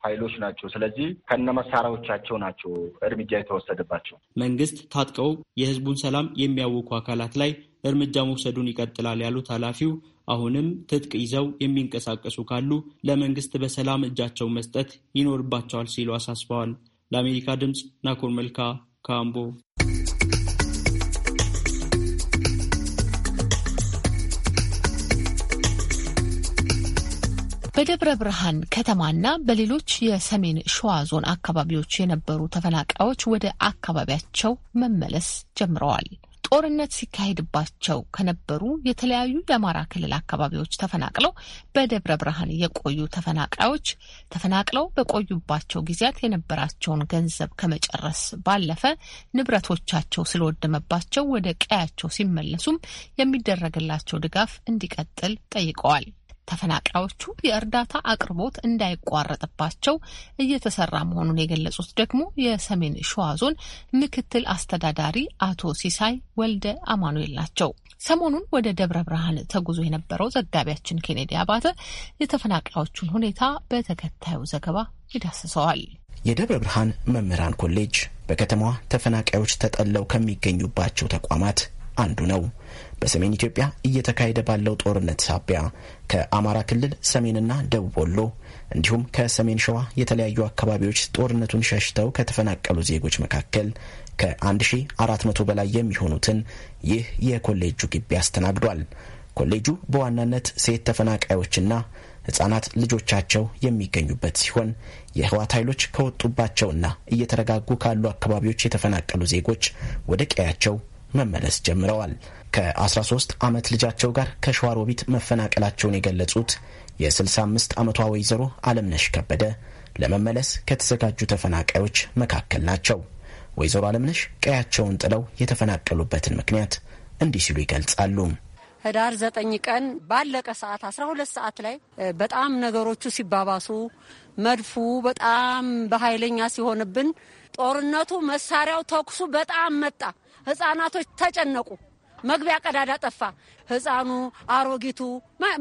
ኃይሎች ናቸው። ስለዚህ ከነ መሳሪያዎቻቸው ናቸው እርምጃ የተወሰደባቸው። መንግስት ታጥቀው የህዝቡን ሰላም የሚያውኩ አካላት ላይ እርምጃ መውሰዱን ይቀጥላል ያሉት ኃላፊው አሁንም ትጥቅ ይዘው የሚንቀሳቀሱ ካሉ ለመንግስት በሰላም እጃቸው መስጠት ይኖርባቸዋል ሲሉ አሳስበዋል። ለአሜሪካ ድምፅ ናኮር መልካ ካምቦ። በደብረ ብርሃን ከተማና በሌሎች የሰሜን ሸዋ ዞን አካባቢዎች የነበሩ ተፈናቃዮች ወደ አካባቢያቸው መመለስ ጀምረዋል። ጦርነት ሲካሄድባቸው ከነበሩ የተለያዩ የአማራ ክልል አካባቢዎች ተፈናቅለው በደብረ ብርሃን የቆዩ ተፈናቃዮች ተፈናቅለው በቆዩባቸው ጊዜያት የነበራቸውን ገንዘብ ከመጨረስ ባለፈ ንብረቶቻቸው ስለወደመባቸው ወደ ቀያቸው ሲመለሱም የሚደረግላቸው ድጋፍ እንዲቀጥል ጠይቀዋል። ተፈናቃዮቹ የእርዳታ አቅርቦት እንዳይቋረጥባቸው እየተሰራ መሆኑን የገለጹት ደግሞ የሰሜን ሸዋ ዞን ምክትል አስተዳዳሪ አቶ ሲሳይ ወልደ አማኑኤል ናቸው። ሰሞኑን ወደ ደብረ ብርሃን ተጉዞ የነበረው ዘጋቢያችን ኬኔዲ አባተ የተፈናቃዮቹን ሁኔታ በተከታዩ ዘገባ ይዳስሰዋል። የደብረ ብርሃን መምህራን ኮሌጅ በከተማዋ ተፈናቃዮች ተጠለው ከሚገኙባቸው ተቋማት አንዱ ነው። በሰሜን ኢትዮጵያ እየተካሄደ ባለው ጦርነት ሳቢያ ከአማራ ክልል ሰሜንና ደቡብ ወሎ እንዲሁም ከሰሜን ሸዋ የተለያዩ አካባቢዎች ጦርነቱን ሸሽተው ከተፈናቀሉ ዜጎች መካከል ከ1400 በላይ የሚሆኑትን ይህ የኮሌጁ ግቢ አስተናግዷል። ኮሌጁ በዋናነት ሴት ተፈናቃዮችና ህጻናት ልጆቻቸው የሚገኙበት ሲሆን የህወሓት ኃይሎች ከወጡባቸውና እየተረጋጉ ካሉ አካባቢዎች የተፈናቀሉ ዜጎች ወደ ቀያቸው መመለስ ጀምረዋል። ከ13 ዓመት ልጃቸው ጋር ከሸዋሮቢት መፈናቀላቸውን የገለጹት የ65 ዓመቷ ወይዘሮ አለምነሽ ከበደ ለመመለስ ከተዘጋጁ ተፈናቃዮች መካከል ናቸው። ወይዘሮ አለምነሽ ቀያቸውን ጥለው የተፈናቀሉበትን ምክንያት እንዲህ ሲሉ ይገልጻሉ። ህዳር ዘጠኝ ቀን ባለቀ ሰዓት 12 ሰዓት ላይ በጣም ነገሮቹ ሲባባሱ መድፉ በጣም በኃይለኛ ሲሆንብን ጦርነቱ፣ መሳሪያው፣ ተኩሱ በጣም መጣ። ህጻናቶች ተጨነቁ። መግቢያ ቀዳዳ ጠፋ። ህፃኑ፣ አሮጊቱ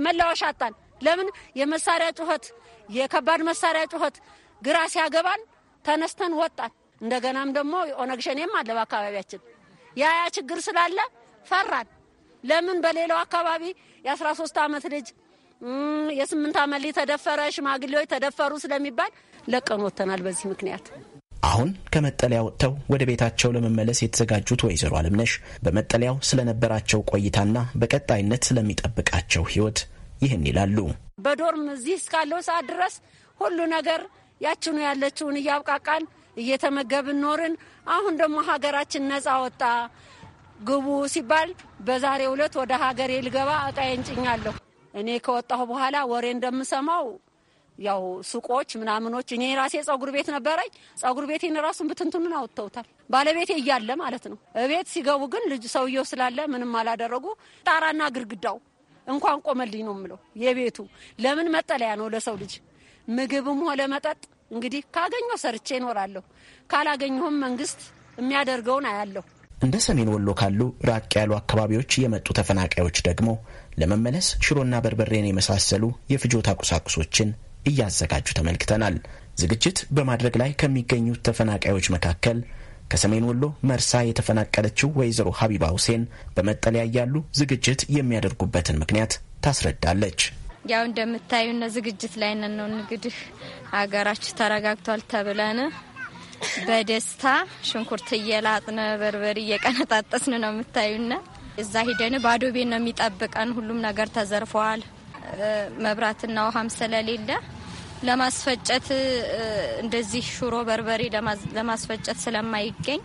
መላወሻ አጣን። ለምን? የመሳሪያ ጩኸት፣ የከባድ መሳሪያ ጩኸት ግራ ሲያገባን ተነስተን ወጣን። እንደገናም ደግሞ የኦነግ ሸኔም አለ በአካባቢያችን። ያ ያ ችግር ስላለ ፈራን። ለምን? በሌላው አካባቢ የአስራ ሶስት ዓመት ልጅ የስምንት ዓመት ልጅ ተደፈረ፣ ሽማግሌዎች ተደፈሩ ስለሚባል ለቀን ወጥተናል። በዚህ ምክንያት አሁን ከመጠለያ ወጥተው ወደ ቤታቸው ለመመለስ የተዘጋጁት ወይዘሮ አለምነሽ በመጠለያው ስለነበራቸው ቆይታና በቀጣይነት ስለሚጠብቃቸው ህይወት ይህን ይላሉ። በዶርም እዚህ እስካለው ሰዓት ድረስ ሁሉ ነገር ያችኑ ያለችውን እያብቃቃን እየተመገብን ኖርን። አሁን ደግሞ ሀገራችን ነጻ ወጣ ግቡ ሲባል በዛሬው ዕለት ወደ ሀገሬ ልገባ እቃዬን ጭኛለሁ። እኔ ከወጣሁ በኋላ ወሬ እንደምሰማው ያው ሱቆች ምናምኖች እኔ ራሴ ጸጉር ቤት ነበረኝ። ጸጉር ቤቴን ራሱን ብትንትኑን አውጥተውታል፣ ባለቤቴ እያለ ማለት ነው። እቤት ሲገቡ ግን ልጅ ሰውየው ስላለ ምንም አላደረጉ። ጣራና ግርግዳው እንኳን ቆመልኝ ነው የምለው። የቤቱ ለምን መጠለያ ነው ለሰው ልጅ ምግብም ሆነ መጠጥ። እንግዲህ ካገኘሁ ሰርቼ እኖራለሁ፣ ካላገኘሁም መንግስት የሚያደርገውን አያለሁ። እንደ ሰሜን ወሎ ካሉ ራቅ ያሉ አካባቢዎች የመጡ ተፈናቃዮች ደግሞ ለመመለስ ሽሮና በርበሬን የመሳሰሉ የፍጆታ ቁሳቁሶችን እያዘጋጁ ተመልክተናል። ዝግጅት በማድረግ ላይ ከሚገኙት ተፈናቃዮች መካከል ከሰሜን ወሎ መርሳ የተፈናቀለችው ወይዘሮ ሀቢባ ሁሴን በመጠለያ ያሉ ዝግጅት የሚያደርጉበትን ምክንያት ታስረዳለች። ያው እንደምታዩነ ዝግጅት ላይ ነን ነው እንግዲህ ሀገራችሁ ተረጋግቷል ተብለን በደስታ ሽንኩርት እየላጥነ በርበሬ እየቀነጣጠስን ነው የምታዩነ። እዛ ሂደን ባዶ ቤት ነው የሚጠብቀን። ሁሉም ነገር ተዘርፈዋል። መብራትና ውሃም ስለሌለ ለማስፈጨት እንደዚህ ሹሮ በርበሬ ለማስፈጨት ስለማይገኝ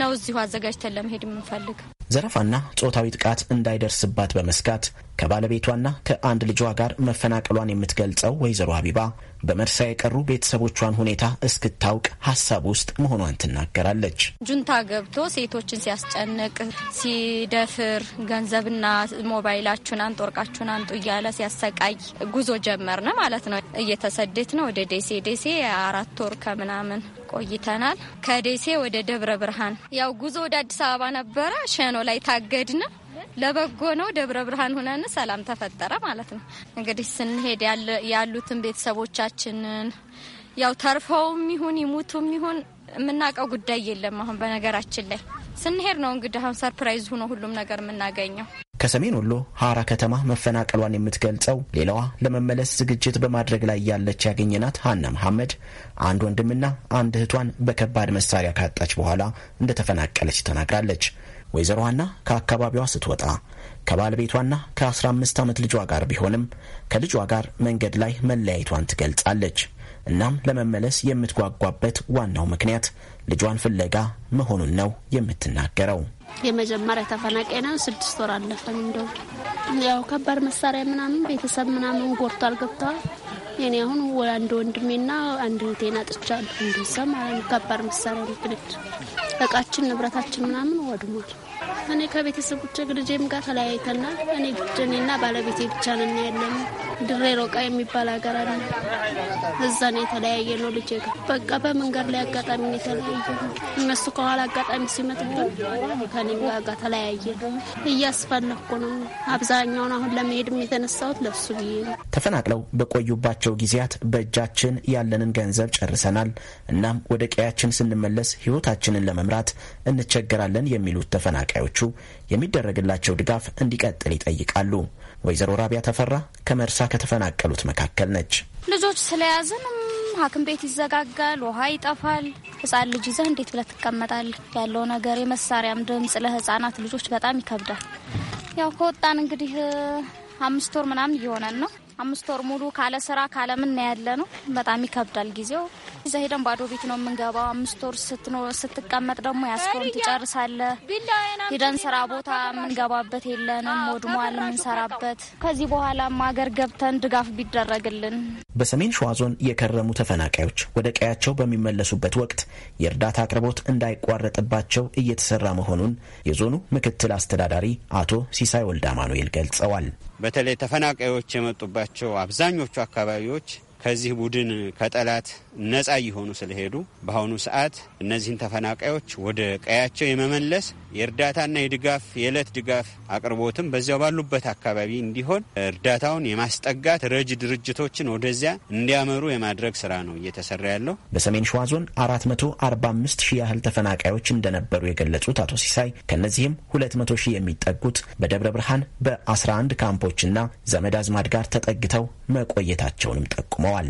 ነው እዚሁ አዘጋጅተን ለመሄድ የምንፈልግ። ዘረፋና ጾታዊ ጥቃት እንዳይደርስባት በመስጋት ከባለቤቷና ከአንድ ልጇ ጋር መፈናቀሏን የምትገልጸው ወይዘሮ ሀቢባ በመርሳ የቀሩ ቤተሰቦቿን ሁኔታ እስክታውቅ ሀሳብ ውስጥ መሆኗን ትናገራለች። ጁንታ ገብቶ ሴቶችን ሲያስጨንቅ፣ ሲደፍር ገንዘብና ሞባይላችሁን አንጡ፣ ወርቃችሁን አንጡ እያለ ሲያሰቃይ ጉዞ ጀመርን ማለት ነው። እየተሰደት ነው ወደ ደሴ። ደሴ የአራት ወር ከምናምን ቆይተናል። ከደሴ ወደ ደብረ ብርሃን ያው ጉዞ ወደ አዲስ አበባ ነበረ። ሸኖ ላይ ታገድን። ለበጎ ነው። ደብረ ብርሃን ሆነን ሰላም ተፈጠረ ማለት ነው። እንግዲህ ስንሄድ ያሉትን ቤተሰቦቻችንን ያው ተርፈውም ይሁን ይሙቱም ይሁን የምናውቀው ጉዳይ የለም። አሁን በነገራችን ላይ ስንሄድ ነው እንግዲህ አሁን ሰርፕራይዝ ሆኖ ሁሉም ነገር የምናገኘው። ከሰሜን ወሎ ሀራ ከተማ መፈናቀሏን የምትገልጸው ሌላዋ ለመመለስ ዝግጅት በማድረግ ላይ ያለች ያገኘናት ሀና መሐመድ አንድ ወንድምና አንድ እህቷን በከባድ መሳሪያ ካጣች በኋላ እንደተፈናቀለች ተናግራለች። ወይዘሮ ሀና ከአካባቢዋ ስትወጣ ከባለቤቷና ከ15 ዓመት ልጇ ጋር ቢሆንም ከልጇ ጋር መንገድ ላይ መለያየቷን ትገልጻለች። እናም ለመመለስ የምትጓጓበት ዋናው ምክንያት ልጇን ፍለጋ መሆኑን ነው የምትናገረው። የመጀመሪያ ተፈናቃይ ነው። ስድስት ወር አለፈን። እንደው ያው ከባድ መሳሪያ ምናምን ቤተሰብ ምናምን ጎርቷል ገብተዋል እኔ አሁን አንድ ወንድሜና አንድ እህቴን አጥቻለሁ። እንደዛ ማለት ከባድ መሳሪያ ምክንያት እቃችን ንብረታችን ምናምን ወድሟል። እኔ ከቤተሰቦቼ ግድጄም ጋር ተለያይተናል። እኔ እኔና ባለቤቴ ብቻ ነን ያለነው ድሬ ሮቃ የሚባል ሀገር አለ። እዛ ነው የተለያየ ነው ልጅ በቃ በመንገድ ላይ አጋጣሚ ነው የተለያየ እነሱ ከኋላ አጋጣሚ ሲመት ከኔም ጋር ተለያየ ነው። አብዛኛውን አሁን ለመሄድም የተነሳሁት ለሱ ብዬ ነው። ተፈናቅለው በቆዩባቸው ጊዜያት በእጃችን ያለንን ገንዘብ ጨርሰናል። እናም ወደ ቀያችን ስንመለስ ህይወታችንን ለመምራት እንቸገራለን የሚሉት ተፈናቃዮቹ የሚደረግላቸው ድጋፍ እንዲቀጥል ይጠይቃሉ። ወይዘሮ ራቢያ ተፈራ ከመርሳ ከተፈናቀሉት መካከል ነች። ልጆች ስለያዝንም ሐኪም ቤት ይዘጋጋል፣ ውሃ ይጠፋል። ህጻን ልጅ ይዘህ እንዴት ብለህ ትቀመጣለህ? ያለው ነገር የመሳሪያም ድምፅ ለህጻናት ልጆች በጣም ይከብዳል። ያው ከወጣን እንግዲህ አምስት ወር ምናምን እየሆነን ነው። አምስት ወር ሙሉ ካለ ስራ ካለ ምን ያለ ነው። በጣም ይከብዳል ጊዜው። እዛ ሄደን ባዶ ቤት ነው የምንገባው። አምስት ወር ስትቀመጥ ደግሞ ያስኮን ትጨርሳለ። ሄደን ስራ ቦታ የምንገባበት የለንም። ወድሟል የምንሰራበት። ከዚህ በኋላም ማገር ገብተን ድጋፍ ቢደረግልን። በሰሜን ሸዋ ዞን የከረሙ ተፈናቃዮች ወደ ቀያቸው በሚመለሱበት ወቅት የእርዳታ አቅርቦት እንዳይቋረጥባቸው እየተሰራ መሆኑን የዞኑ ምክትል አስተዳዳሪ አቶ ሲሳይ ወልደ አማኑኤል ገልጸዋል። በተለይ ተፈናቃዮች የመጡባቸው አብዛኞቹ አካባቢዎች ከዚህ ቡድን ከጠላት ነጻ እየሆኑ ስለሄዱ በአሁኑ ሰዓት እነዚህን ተፈናቃዮች ወደ ቀያቸው የመመለስ የእርዳታና የድጋፍ የዕለት ድጋፍ አቅርቦትም በዚያው ባሉበት አካባቢ እንዲሆን እርዳታውን የማስጠጋት ረጅ ድርጅቶችን ወደዚያ እንዲያመሩ የማድረግ ስራ ነው እየተሰራ ያለው። በሰሜን ሸዋ ዞን 445 ሺህ ያህል ተፈናቃዮች እንደነበሩ የገለጹት አቶ ሲሳይ ከእነዚህም 200 ሺህ የሚጠጉት በደብረ ብርሃን በ11 ካምፖችና ዘመድ አዝማድ ጋር ተጠግተው መቆየታቸውንም ጠቁመዋል።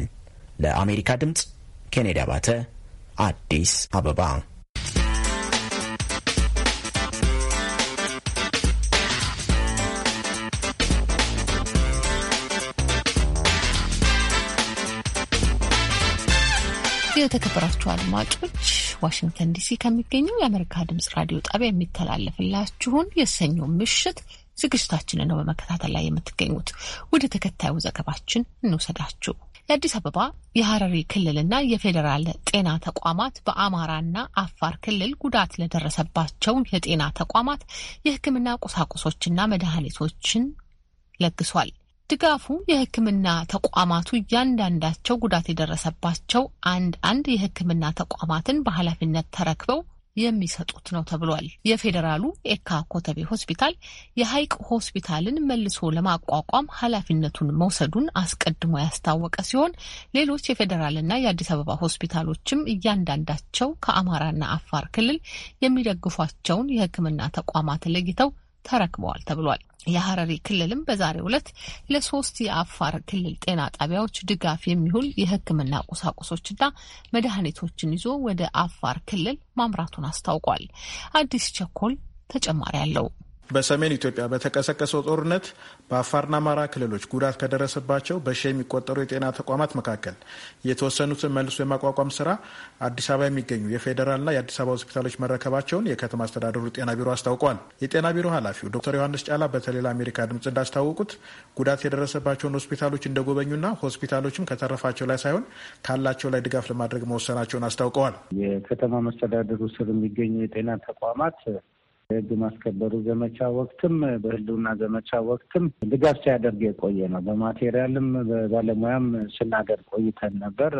ለአሜሪካ ድምፅ ኬኔዲ አባተ አዲስ አበባ። የተከበራችሁ አድማጮች ዋሽንግተን ዲሲ ከሚገኘው የአሜሪካ ድምጽ ራዲዮ ጣቢያ የሚተላለፍላችሁን የሰኞ ምሽት ዝግጅታችንን ነው በመከታተል ላይ የምትገኙት። ወደ ተከታዩ ዘገባችን እንውሰዳችሁ። የአዲስ አበባ የሐረሪ ክልልና የፌዴራል ጤና ተቋማት በአማራና አፋር ክልል ጉዳት ለደረሰባቸው የጤና ተቋማት የሕክምና ቁሳቁሶችና መድኃኒቶችን ለግሷል። ድጋፉ የህክምና ተቋማቱ እያንዳንዳቸው ጉዳት የደረሰባቸው አንድ አንድ የህክምና ተቋማትን በኃላፊነት ተረክበው የሚሰጡት ነው ተብሏል። የፌዴራሉ ኤካ ኮተቤ ሆስፒታል የሀይቅ ሆስፒታልን መልሶ ለማቋቋም ኃላፊነቱን መውሰዱን አስቀድሞ ያስታወቀ ሲሆን ሌሎች የፌዴራልና የአዲስ አበባ ሆስፒታሎችም እያንዳንዳቸው ከአማራና አፋር ክልል የሚደግፏቸውን የሕክምና ተቋማት ለይተው ተረክበዋል ተብሏል። የሐረሪ ክልልም በዛሬ ዕለት ለሶስት የአፋር ክልል ጤና ጣቢያዎች ድጋፍ የሚውል የሕክምና ቁሳቁሶችና መድኃኒቶችን ይዞ ወደ አፋር ክልል ማምራቱን አስታውቋል። አዲስ ቸኮል ተጨማሪ አለው። በሰሜን ኢትዮጵያ በተቀሰቀሰው ጦርነት በአፋርና አማራ ክልሎች ጉዳት ከደረሰባቸው በሺ የሚቆጠሩ የጤና ተቋማት መካከል የተወሰኑትን መልሶ የማቋቋም ስራ አዲስ አበባ የሚገኙ የፌዴራልና የአዲስ አበባ ሆስፒታሎች መረከባቸውን የከተማ አስተዳደሩ ጤና ቢሮ አስታውቋል። የጤና ቢሮ ኃላፊው ዶክተር ዮሐንስ ጫላ በተሌላ አሜሪካ ድምፅ እንዳስታወቁት ጉዳት የደረሰባቸውን ሆስፒታሎች እንደጎበኙና ሆስፒታሎችም ከተረፋቸው ላይ ሳይሆን ካላቸው ላይ ድጋፍ ለማድረግ መወሰናቸውን አስታውቀዋል። የከተማ መስተዳደሩ ስር የሚገኙ የጤና ተቋማት የህግ ማስከበሩ ዘመቻ ወቅትም በህልውና ዘመቻ ወቅትም ድጋፍ ሲያደርግ የቆየ ነው። በማቴሪያልም በባለሙያም ስናደርግ ቆይተን ነበር።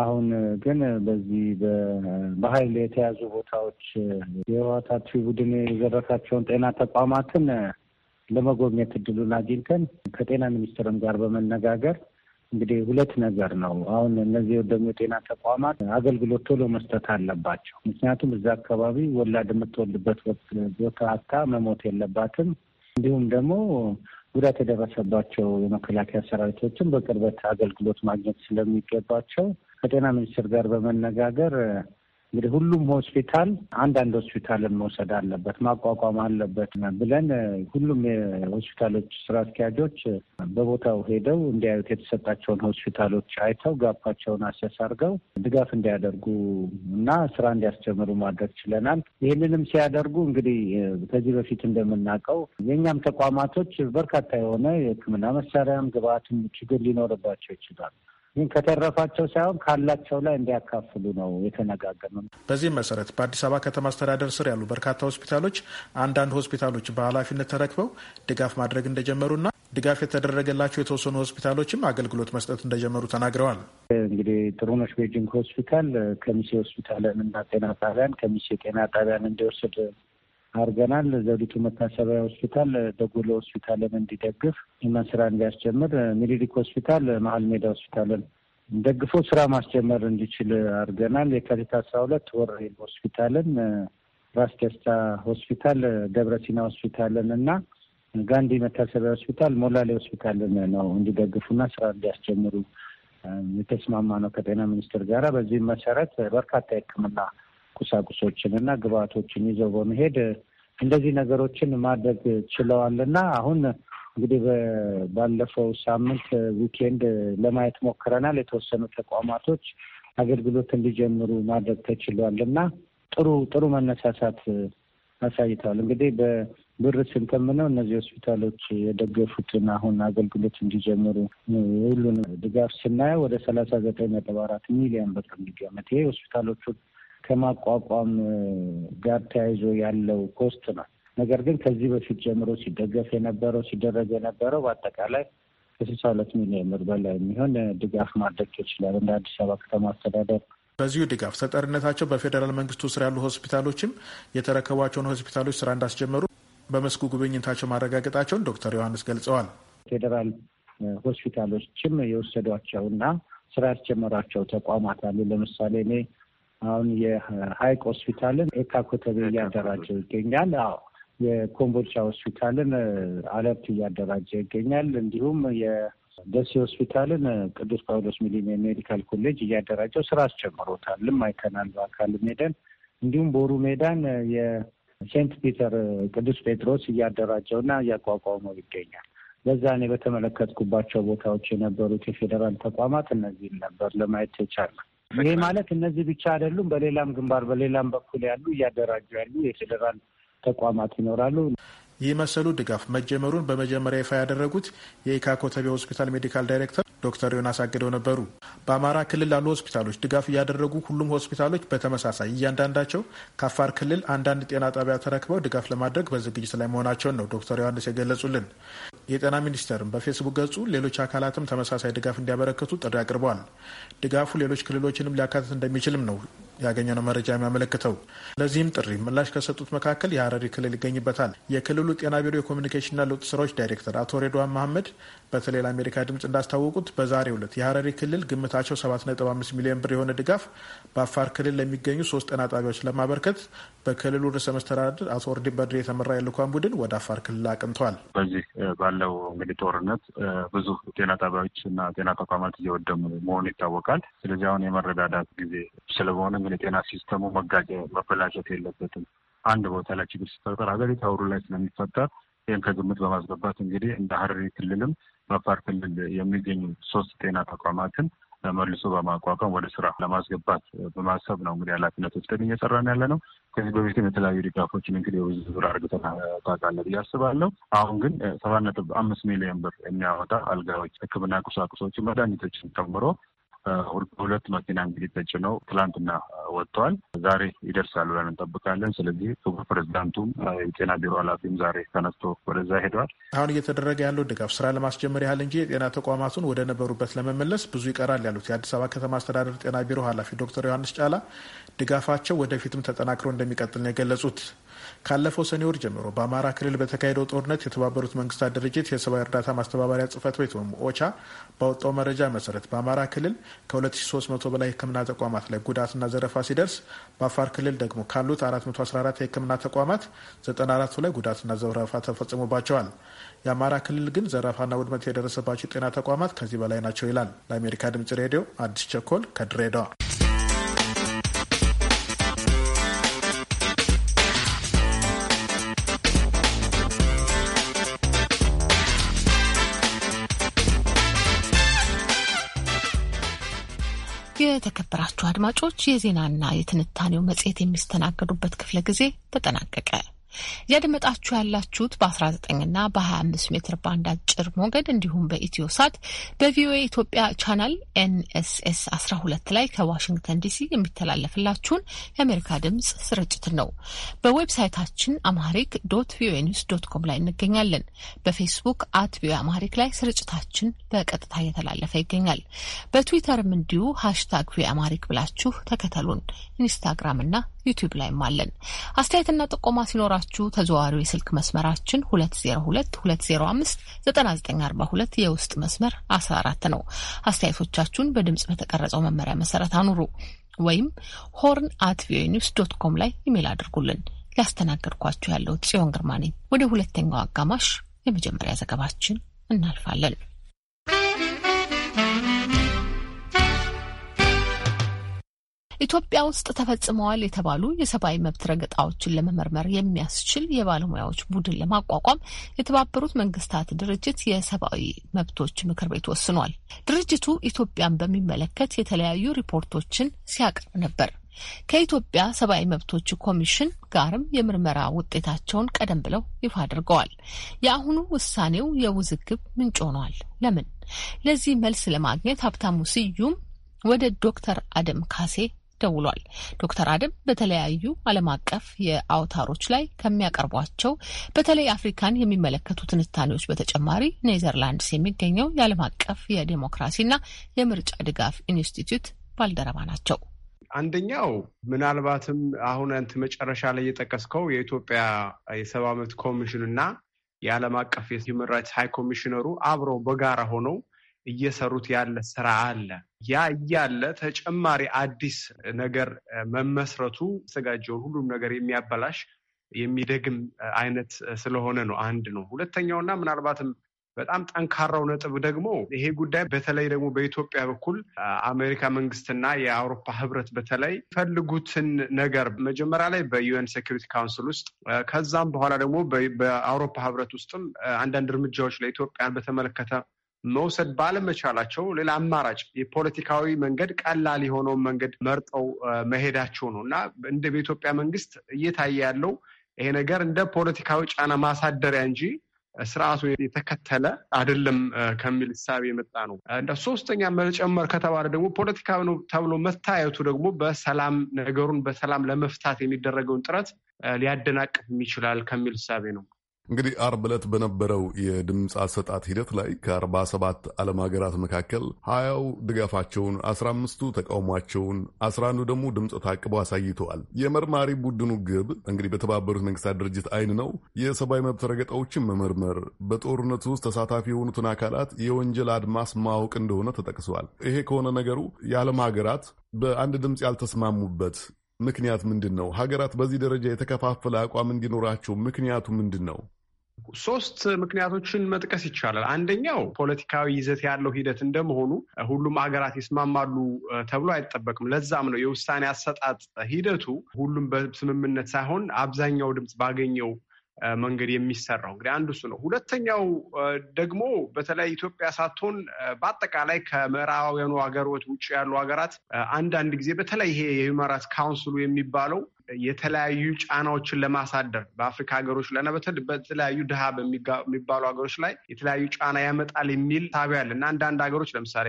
አሁን ግን በዚህ በኃይል የተያዙ ቦታዎች የህወሓት አጥፊ ቡድን የዘረፋቸውን ጤና ተቋማትን ለመጎብኘት እድሉን አግኝተን ከጤና ሚኒስቴርም ጋር በመነጋገር እንግዲህ ሁለት ነገር ነው። አሁን እነዚህ ደግሞ የጤና ተቋማት አገልግሎት ቶሎ መስጠት አለባቸው። ምክንያቱም እዛ አካባቢ ወላድ የምትወልድበት ቦታ አታ መሞት የለባትም። እንዲሁም ደግሞ ጉዳት የደረሰባቸው የመከላከያ ሰራዊቶችን በቅርበት አገልግሎት ማግኘት ስለሚገባቸው ከጤና ሚኒስቴር ጋር በመነጋገር እንግዲህ ሁሉም ሆስፒታል አንዳንድ ሆስፒታልን መውሰድ አለበት፣ ማቋቋም አለበት ብለን ሁሉም የሆስፒታሎች ስራ አስኪያጆች በቦታው ሄደው እንዲያዩት የተሰጣቸውን ሆስፒታሎች አይተው ጋፓቸውን አሰስ አድርገው ድጋፍ እንዲያደርጉ እና ስራ እንዲያስጀምሩ ማድረግ ችለናል። ይህንንም ሲያደርጉ እንግዲህ ከዚህ በፊት እንደምናውቀው የእኛም ተቋማቶች በርካታ የሆነ የሕክምና መሳሪያም ግብአትም ችግር ሊኖርባቸው ይችላል። ግን ከተረፋቸው ሳይሆን ካላቸው ላይ እንዲያካፍሉ ነው የተነጋገርነው። በዚህም መሰረት በአዲስ አበባ ከተማ አስተዳደር ስር ያሉ በርካታ ሆስፒታሎች አንዳንድ ሆስፒታሎች በኃላፊነት ተረክበው ድጋፍ ማድረግ እንደጀመሩና ድጋፍ የተደረገላቸው የተወሰኑ ሆስፒታሎችም አገልግሎት መስጠት እንደጀመሩ ተናግረዋል። እንግዲህ ጥሩነሽ ቤጂንግ ሆስፒታል ከሚሴ ሆስፒታልን እና ጤና ጣቢያን ከሚሴ ጤና ጣቢያን እንዲወስድ አድርገናል። ዘውዲቱ መታሰቢያ ሆስፒታል ደጎሎ ሆስፒታልን እንዲደግፍ ይመን ስራ እንዲያስጀምር፣ ሚኒሊክ ሆስፒታል መሀል ሜዳ ሆስፒታልን ደግፎ ስራ ማስጀመር እንዲችል አድርገናል። የካቲት አስራ ሁለት ወር ሆስፒታልን፣ ራስ ደስታ ሆስፒታል፣ ደብረ ሲና ሆስፒታልን እና ጋንዲ መታሰቢያ ሆስፒታል፣ ሞላሌ ሆስፒታልን ነው እንዲደግፉና ስራ እንዲያስጀምሩ የተስማማ ነው ከጤና ሚኒስቴር ጋራ። በዚህም መሰረት በርካታ የሕክምና ቁሳቁሶችን እና ግብአቶችን ይዘው በመሄድ እንደዚህ ነገሮችን ማድረግ ችለዋል አሁን እንግዲህ ባለፈው ሳምንት ዊኬንድ ለማየት ሞክረናል። የተወሰኑ ተቋማቶች አገልግሎት እንዲጀምሩ ማድረግ ተችሏል እና ጥሩ ጥሩ መነሳሳት አሳይተዋል። እንግዲህ በብር ስንተምነው እነዚህ ሆስፒታሎች የደገፉትን አሁን አገልግሎት እንዲጀምሩ ሁሉን ድጋፍ ስናየው ወደ ሰላሳ ዘጠኝ ነጥብ አራት ሚሊዮን ብር የሚገመት ይሄ ሆስፒታሎቹን ከማቋቋም ጋር ተያይዞ ያለው ኮስት ነው። ነገር ግን ከዚህ በፊት ጀምሮ ሲደገፍ የነበረው ሲደረግ የነበረው በአጠቃላይ ከስልሳ ሁለት ሚሊዮን ብር በላይ የሚሆን ድጋፍ ማድረግ ይችላል እንደ አዲስ አበባ ከተማ አስተዳደር በዚሁ ድጋፍ ተጠሪነታቸው በፌዴራል መንግስቱ ስር ያሉ ሆስፒታሎችም የተረከቧቸውን ሆስፒታሎች ስራ እንዳስጀመሩ በመስኩ ጉብኝታቸው ማረጋገጣቸውን ዶክተር ዮሐንስ ገልጸዋል። ፌዴራል ሆስፒታሎችም የወሰዷቸው እና ስራ ያስጀመሯቸው ተቋማት አሉ። ለምሳሌ እኔ አሁን የሀይቅ ሆስፒታልን ኤካ ኮተቤ እያደራጀ ይገኛል። አዎ የኮምቦልቻ ሆስፒታልን አለርት እያደራጀ ይገኛል። እንዲሁም የደሴ ሆስፒታልን ቅዱስ ጳውሎስ ሚሊኒየም ሜዲካል ኮሌጅ እያደራጀው ስራ አስጀምሮታልም አይተናል በአካልም ሜደን እንዲሁም ቦሩ ሜዳን የሴንት ፒተር ቅዱስ ጴጥሮስ እያደራጀውና እያቋቋመው ይገኛል። በዛ እኔ በተመለከትኩባቸው ቦታዎች የነበሩት የፌዴራል ተቋማት እነዚህን ነበር ለማየት የቻልነው። ይህ ማለት እነዚህ ብቻ አይደሉም። በሌላም ግንባር በሌላም በኩል ያሉ እያደራጁ ያሉ የፌዴራል ተቋማት ይኖራሉ። ይህ መሰሉ ድጋፍ መጀመሩን በመጀመሪያ ይፋ ያደረጉት የኢካ ኮተቤ ሆስፒታል ሜዲካል ዳይሬክተር ዶክተር ዮናስ አግደው ነበሩ። በአማራ ክልል ላሉ ሆስፒታሎች ድጋፍ እያደረጉ ሁሉም ሆስፒታሎች በተመሳሳይ እያንዳንዳቸው ከአፋር ክልል አንዳንድ ጤና ጣቢያ ተረክበው ድጋፍ ለማድረግ በዝግጅት ላይ መሆናቸውን ነው ዶክተር ዮሐንስ የገለጹልን። የጤና ሚኒስቴርም በፌስቡክ ገጹ ሌሎች አካላትም ተመሳሳይ ድጋፍ እንዲያበረክቱ ጥሪ አቅርበዋል። ድጋፉ ሌሎች ክልሎችንም ሊያካትት እንደሚችልም ነው ያገኘነው መረጃ የሚያመለክተው። ለዚህም ጥሪ ምላሽ ከሰጡት መካከል የሀረሪ ክልል ይገኝበታል። የክልሉ ጤና ቢሮ የኮሚኒኬሽንና ለውጥ ስራዎች ዳይሬክተር አቶ ሬድዋን መሐመድ በተለይ ለአሜሪካ ድምፅ እንዳስታወቁት በዛሬው ዕለት የሀረሪ ክልል ግምታቸው 7.5 ሚሊዮን ብር የሆነ ድጋፍ በአፋር ክልል ለሚገኙ ሶስት ጤና ጣቢያዎች ለማበርከት በክልሉ ርዕሰ መስተዳድር አቶ ወርዲ በድሪ የተመራ የልዑካን ቡድን ወደ አፋር ክልል አቅንተዋል። በዚህ ባለው እንግዲህ ጦርነት ብዙ ጤና ጣቢያዎች እና ጤና ተቋማት እየወደሙ መሆኑ ይታወቃል። ስለዚህ አሁን የመረዳዳት ጊዜ ስለሆነ እንግዲህ ጤና ሲስተሙ መጋጨ መበላሸት የለበትም። አንድ ቦታ ላይ ችግር ሲፈጠር ሀገሪቱ አውሩ ላይ ስለሚፈጠር ይህን ከግምት በማስገባት እንግዲህ እንደ ሀረሪ ክልልም በአፋር ክልል የሚገኙ ሶስት ጤና ተቋማትን መልሶ በማቋቋም ወደ ስራ ለማስገባት በማሰብ ነው እንግዲህ ኃላፊነት ወስደን እየሰራን ያለ ነው። ከዚህ በፊትም የተለያዩ ድጋፎችን እንግዲህ ብዙ ዙር አድርገን ታውቃለህ ብዬ አስባለሁ። አሁን ግን ሰባት ነጥብ አምስት ሚሊዮን ብር የሚያወጣ አልጋዎች፣ ሕክምና ቁሳቁሶችን፣ መድኃኒቶችን ጨምሮ በሁለት መኪና እንግዲህ ተጭነው ትላንትና ወጥተዋል። ዛሬ ይደርሳሉ ብለን እንጠብቃለን። ስለዚህ ክቡር ፕሬዚዳንቱም የጤና ቢሮ ኃላፊም ዛሬ ተነስቶ ወደዛ ሄደዋል። አሁን እየተደረገ ያለው ድጋፍ ስራ ለማስጀመር ያህል እንጂ የጤና ተቋማቱን ወደ ነበሩበት ለመመለስ ብዙ ይቀራል ያሉት የአዲስ አበባ ከተማ አስተዳደር ጤና ቢሮ ኃላፊ ዶክተር ዮሐንስ ጫላ ድጋፋቸው ወደፊትም ተጠናክሮ እንደሚቀጥል ነው የገለጹት። ካለፈው ሰኔ ወር ጀምሮ በአማራ ክልል በተካሄደው ጦርነት የተባበሩት መንግስታት ድርጅት የሰብአዊ እርዳታ ማስተባበሪያ ጽህፈት ቤት ወይም ኦቻ ባወጣው መረጃ መሰረት በአማራ ክልል ከ2300 በላይ ህክምና ተቋማት ላይ ጉዳትና ዘረፋ ሲደርስ በአፋር ክልል ደግሞ ካሉት 414 የህክምና ተቋማት 94ቱ ላይ ጉዳትና ዘረፋ ተፈጽሞባቸዋል። የአማራ ክልል ግን ዘረፋና ውድመት የደረሰባቸው የጤና ተቋማት ከዚህ በላይ ናቸው ይላል። ለአሜሪካ ድምጽ ሬዲዮ አዲስ ቸኮል ከድሬዳዋ የተከበራችሁ አድማጮች የዜናና የትንታኔው መጽሔት የሚስተናገዱበት ክፍለ ጊዜ ተጠናቀቀ። እያደመጣችሁ ያላችሁት በ19 እና በ25 ሜትር ባንድ አጭር ሞገድ እንዲሁም በኢትዮ ሳት በቪኦኤ ኢትዮጵያ ቻናል ኤንኤስኤስ 12 ላይ ከዋሽንግተን ዲሲ የሚተላለፍላችሁን የአሜሪካ ድምጽ ስርጭት ነው። በዌብሳይታችን አማሪክ ዶት ቪኦኤ ኒውስ ዶት ኮም ላይ እንገኛለን። በፌስቡክ አት ቪኦኤ አማሪክ ላይ ስርጭታችን በቀጥታ እየተላለፈ ይገኛል። በትዊተርም እንዲሁ ሃሽታግ ቪኦኤ አማሪክ ብላችሁ ተከተሉን። ኢንስታግራም እና ዩቲዩብ ላይም አለን። አስተያየትና ጥቆማ ሲኖራችሁ ተዘዋዋሪው የስልክ መስመራችን 2022059942 የውስጥ መስመር 14 ነው። አስተያየቶቻችሁን በድምጽ በተቀረጸው መመሪያ መሰረት አኑሩ ወይም ሆርን አት ቪኦኤ ኒውስ ዶት ኮም ላይ ኢሜል አድርጉልን። ያስተናገድኳችሁ ያለው ጽዮን ግርማ ነኝ። ወደ ሁለተኛው አጋማሽ የመጀመሪያ ዘገባችን እናልፋለን። ኢትዮጵያ ውስጥ ተፈጽመዋል የተባሉ የሰብአዊ መብት ረገጣዎችን ለመመርመር የሚያስችል የባለሙያዎች ቡድን ለማቋቋም የተባበሩት መንግስታት ድርጅት የሰብአዊ መብቶች ምክር ቤት ወስኗል። ድርጅቱ ኢትዮጵያን በሚመለከት የተለያዩ ሪፖርቶችን ሲያቀርብ ነበር። ከኢትዮጵያ ሰብአዊ መብቶች ኮሚሽን ጋርም የምርመራ ውጤታቸውን ቀደም ብለው ይፋ አድርገዋል። የአሁኑ ውሳኔው የውዝግብ ምንጭ ሆኗል። ለምን? ለዚህ መልስ ለማግኘት ሀብታሙ ስዩም ወደ ዶክተር አደም ካሴ ደውሏል። ዶክተር አደም በተለያዩ ዓለም አቀፍ የአውታሮች ላይ ከሚያቀርቧቸው በተለይ አፍሪካን የሚመለከቱ ትንታኔዎች በተጨማሪ ኔዘርላንድስ የሚገኘው የዓለም አቀፍ የዴሞክራሲና የምርጫ ድጋፍ ኢንስቲትዩት ባልደረባ ናቸው። አንደኛው ምናልባትም አሁን አንተ መጨረሻ ላይ የጠቀስከው የኢትዮጵያ የሰብአዊ መብት ኮሚሽን እና የዓለም አቀፍ የሂውማን ራይትስ ሃይ ኮሚሽነሩ አብረው በጋራ ሆነው እየሰሩት ያለ ስራ አለ። ያ እያለ ተጨማሪ አዲስ ነገር መመስረቱ የተዘጋጀውን ሁሉም ነገር የሚያበላሽ የሚደግም አይነት ስለሆነ ነው። አንድ ነው። ሁለተኛውና ምናልባትም በጣም ጠንካራው ነጥብ ደግሞ ይሄ ጉዳይ በተለይ ደግሞ በኢትዮጵያ በኩል አሜሪካ መንግስትና የአውሮፓ ህብረት በተለይ ፈልጉትን ነገር መጀመሪያ ላይ በዩኤን ሴኩሪቲ ካውንስል ውስጥ ከዛም በኋላ ደግሞ በአውሮፓ ህብረት ውስጥም አንዳንድ እርምጃዎች ለኢትዮጵያን በተመለከተ መውሰድ ባለመቻላቸው ሌላ አማራጭ የፖለቲካዊ መንገድ ቀላል የሆነውን መንገድ መርጠው መሄዳቸው ነው እና እንደ በኢትዮጵያ መንግስት እየታየ ያለው ይሄ ነገር እንደ ፖለቲካዊ ጫና ማሳደሪያ እንጂ ስርዓቱ የተከተለ አይደለም ከሚል እሳቤ የመጣ ነው። እንደ ሶስተኛ መጨመር ከተባለ ደግሞ ፖለቲካዊ ነው ተብሎ መታየቱ ደግሞ በሰላም ነገሩን በሰላም ለመፍታት የሚደረገውን ጥረት ሊያደናቅፍ ይችላል ከሚል ሳቤ ነው። እንግዲህ አርብ ዕለት በነበረው የድምፅ አሰጣት ሂደት ላይ ከ47 ዓለም ሀገራት መካከል ሀያው ድጋፋቸውን፣ 15ቱ ተቃውሟቸውን፣ ንዱ ደግሞ ድምፅ ታቅበው አሳይተዋል። የመርማሪ ቡድኑ ግብ እንግዲህ በተባበሩት መንግስታት ድርጅት አይን ነው የሰብአዊ መብት ረገጣዎችን መመርመር፣ በጦርነቱ ውስጥ ተሳታፊ የሆኑትን አካላት የወንጀል አድማስ ማወቅ እንደሆነ ተጠቅሰዋል። ይሄ ከሆነ ነገሩ የዓለም ሀገራት በአንድ ድምፅ ያልተስማሙበት ምክንያት ምንድን ነው? ሀገራት በዚህ ደረጃ የተከፋፈለ አቋም እንዲኖራቸው ምክንያቱ ምንድን ነው? ሶስት ምክንያቶችን መጥቀስ ይቻላል። አንደኛው ፖለቲካዊ ይዘት ያለው ሂደት እንደመሆኑ ሁሉም ሀገራት ይስማማሉ ተብሎ አይጠበቅም። ለዛም ነው የውሳኔ አሰጣጥ ሂደቱ ሁሉም በስምምነት ሳይሆን አብዛኛው ድምፅ ባገኘው መንገድ የሚሰራው እንግዲህ አንዱ እሱ ነው። ሁለተኛው ደግሞ በተለይ ኢትዮጵያ ሳትሆን በአጠቃላይ ከምዕራባውያኑ ሀገሮች ውጭ ያሉ ሀገራት አንዳንድ ጊዜ በተለይ ይሄ የሂውማን ራይትስ ካውንስሉ የሚባለው የተለያዩ ጫናዎችን ለማሳደር በአፍሪካ ሀገሮች ላይ እና በተለያዩ ድሃ በሚባሉ ሀገሮች ላይ የተለያዩ ጫና ያመጣል የሚል ሳቢያ አለ እና አንዳንድ ሀገሮች ለምሳሌ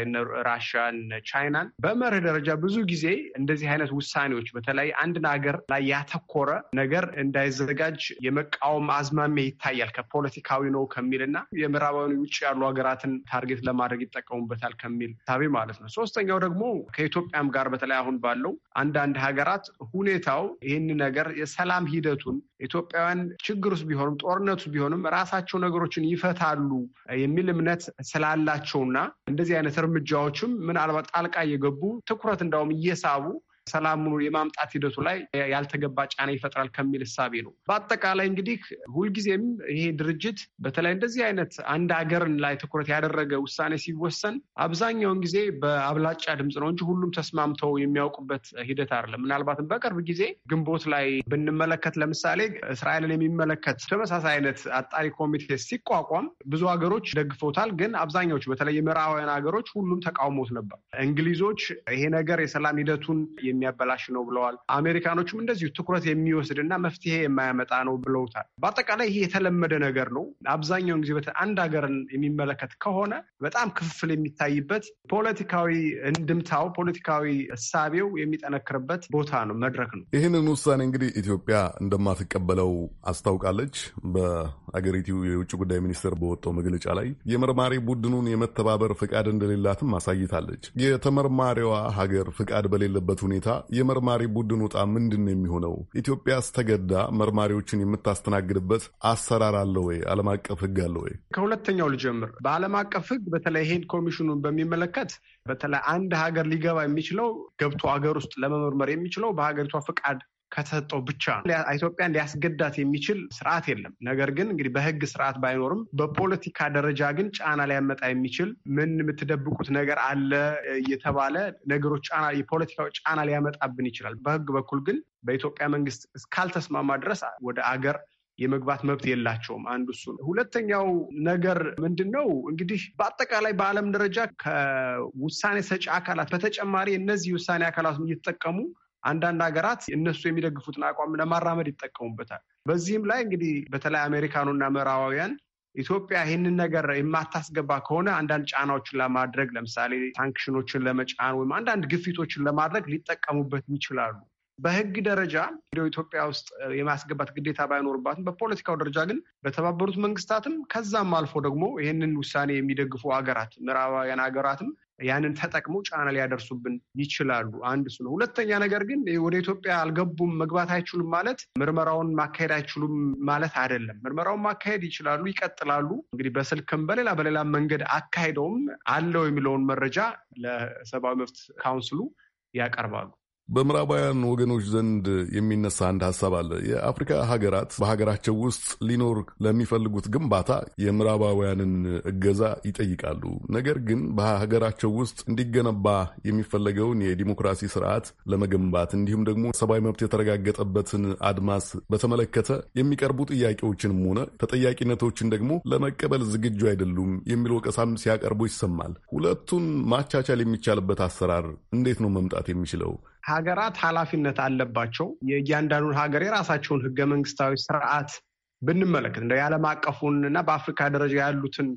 ራሽያን፣ ቻይናን በመርህ ደረጃ ብዙ ጊዜ እንደዚህ አይነት ውሳኔዎች በተለይ አንድን ሀገር ላይ ያተኮረ ነገር እንዳይዘጋጅ የመቃወም አዝማሚያ ይታያል ከፖለቲካዊ ነው ከሚል እና የምዕራባዊ ውጭ ያሉ ሀገራትን ታርጌት ለማድረግ ይጠቀሙበታል ከሚል ሳቢ ማለት ነው። ሶስተኛው ደግሞ ከኢትዮጵያም ጋር በተለይ አሁን ባለው አንዳንድ ሀገራት ሁኔታው ይህን ነገር የሰላም ሂደቱን ኢትዮጵያውያን ችግር ውስጥ ቢሆኑም ጦርነቱ ቢሆኑም ራሳቸው ነገሮችን ይፈታሉ የሚል እምነት ስላላቸውና እንደዚህ አይነት እርምጃዎችም ምናልባት ጣልቃ እየገቡ ትኩረት እንዳውም እየሳቡ ሰላሙን የማምጣት ሂደቱ ላይ ያልተገባ ጫና ይፈጥራል ከሚል እሳቤ ነው። በአጠቃላይ እንግዲህ ሁልጊዜም ይሄ ድርጅት በተለይ እንደዚህ አይነት አንድ ሀገርን ላይ ትኩረት ያደረገ ውሳኔ ሲወሰን አብዛኛውን ጊዜ በአብላጫ ድምፅ ነው እንጂ ሁሉም ተስማምተው የሚያውቁበት ሂደት አይደለም። ምናልባትም በቅርብ ጊዜ ግንቦት ላይ ብንመለከት ለምሳሌ እስራኤልን የሚመለከት ተመሳሳይ አይነት አጣሪ ኮሚቴ ሲቋቋም ብዙ ሀገሮች ደግፈውታል። ግን አብዛኛዎቹ በተለይ የምዕራባውያን ሀገሮች ሁሉም ተቃውሞት ነበር። እንግሊዞች ይሄ ነገር የሰላም ሂደቱን የሚያበላሽ ነው ብለዋል። አሜሪካኖችም እንደዚሁ ትኩረት የሚወስድና መፍትሄ የማያመጣ ነው ብለውታል። በአጠቃላይ ይሄ የተለመደ ነገር ነው። አብዛኛውን ጊዜ አንድ ሀገርን የሚመለከት ከሆነ በጣም ክፍፍል የሚታይበት ፖለቲካዊ እንድምታው ፖለቲካዊ እሳቤው የሚጠነክርበት ቦታ ነው፣ መድረክ ነው። ይህንን ውሳኔ እንግዲህ ኢትዮጵያ እንደማትቀበለው አስታውቃለች። በአገሪቱ የውጭ ጉዳይ ሚኒስትር በወጣው መግለጫ ላይ የመርማሪ ቡድኑን የመተባበር ፍቃድ እንደሌላትም አሳይታለች። የተመርማሪዋ ሀገር ፍቃድ በሌለበት ሁኔታ ሁኔታ የመርማሪ ቡድን ውጣ ምንድን ነው የሚሆነው? ኢትዮጵያ ስተገዳ መርማሪዎችን የምታስተናግድበት አሰራር አለ ወይ? ዓለም አቀፍ ሕግ አለ ወይ? ከሁለተኛው ልጀምር። በዓለም አቀፍ ሕግ በተለይ ይሄን ኮሚሽኑን በሚመለከት በተለይ አንድ ሀገር ሊገባ የሚችለው ገብቶ ሀገር ውስጥ ለመመርመር የሚችለው በሀገሪቷ ፍቃድ ከተሰጠው ብቻ ኢትዮጵያን ሊያስገዳት የሚችል ስርዓት የለም። ነገር ግን እንግዲህ በህግ ስርዓት ባይኖርም በፖለቲካ ደረጃ ግን ጫና ሊያመጣ የሚችል ምን የምትደብቁት ነገር አለ እየተባለ ነገሮች ጫና የፖለቲካ ጫና ሊያመጣብን ይችላል። በህግ በኩል ግን በኢትዮጵያ መንግስት እስካልተስማማ ድረስ ወደ አገር የመግባት መብት የላቸውም። አንዱ እሱ ነው። ሁለተኛው ነገር ምንድን ነው እንግዲህ በአጠቃላይ በዓለም ደረጃ ከውሳኔ ሰጪ አካላት በተጨማሪ እነዚህ ውሳኔ አካላት እየተጠቀሙ አንዳንድ ሀገራት እነሱ የሚደግፉትን አቋም ለማራመድ ይጠቀሙበታል። በዚህም ላይ እንግዲህ በተለይ አሜሪካኑና ምዕራባውያን ኢትዮጵያ ይህንን ነገር የማታስገባ ከሆነ አንዳንድ ጫናዎችን ለማድረግ ለምሳሌ ሳንክሽኖችን ለመጫን ወይም አንዳንድ ግፊቶችን ለማድረግ ሊጠቀሙበት ይችላሉ። በህግ ደረጃ ኢትዮጵያ ውስጥ የማስገባት ግዴታ ባይኖርባትም በፖለቲካው ደረጃ ግን በተባበሩት መንግስታትም ከዛም አልፎ ደግሞ ይህንን ውሳኔ የሚደግፉ ሀገራት ምዕራባውያን ሀገራትም ያንን ተጠቅመው ጫና ሊያደርሱብን ይችላሉ። አንድ እሱ ነው። ሁለተኛ ነገር ግን ወደ ኢትዮጵያ አልገቡም መግባት አይችሉም ማለት ምርመራውን ማካሄድ አይችሉም ማለት አይደለም። ምርመራውን ማካሄድ ይችላሉ፣ ይቀጥላሉ። እንግዲህ በስልክም በሌላ በሌላ መንገድ አካሂደውም አለው የሚለውን መረጃ ለሰብአዊ መብት ካውንስሉ ያቀርባሉ። በምዕራባውያን ወገኖች ዘንድ የሚነሳ አንድ ሀሳብ አለ። የአፍሪካ ሀገራት በሀገራቸው ውስጥ ሊኖር ለሚፈልጉት ግንባታ የምዕራባውያንን እገዛ ይጠይቃሉ። ነገር ግን በሀገራቸው ውስጥ እንዲገነባ የሚፈለገውን የዲሞክራሲ ስርዓት ለመገንባት እንዲሁም ደግሞ ሰብአዊ መብት የተረጋገጠበትን አድማስ በተመለከተ የሚቀርቡ ጥያቄዎችንም ሆነ ተጠያቂነቶችን ደግሞ ለመቀበል ዝግጁ አይደሉም የሚል ወቀሳም ሲያቀርቡ ይሰማል። ሁለቱን ማቻቻል የሚቻልበት አሰራር እንዴት ነው መምጣት የሚችለው? ሀገራት ኃላፊነት አለባቸው። የእያንዳንዱን ሀገር የራሳቸውን ህገ መንግስታዊ ስርዓት ብንመለከት እንደ የዓለም አቀፉን እና በአፍሪካ ደረጃ ያሉትን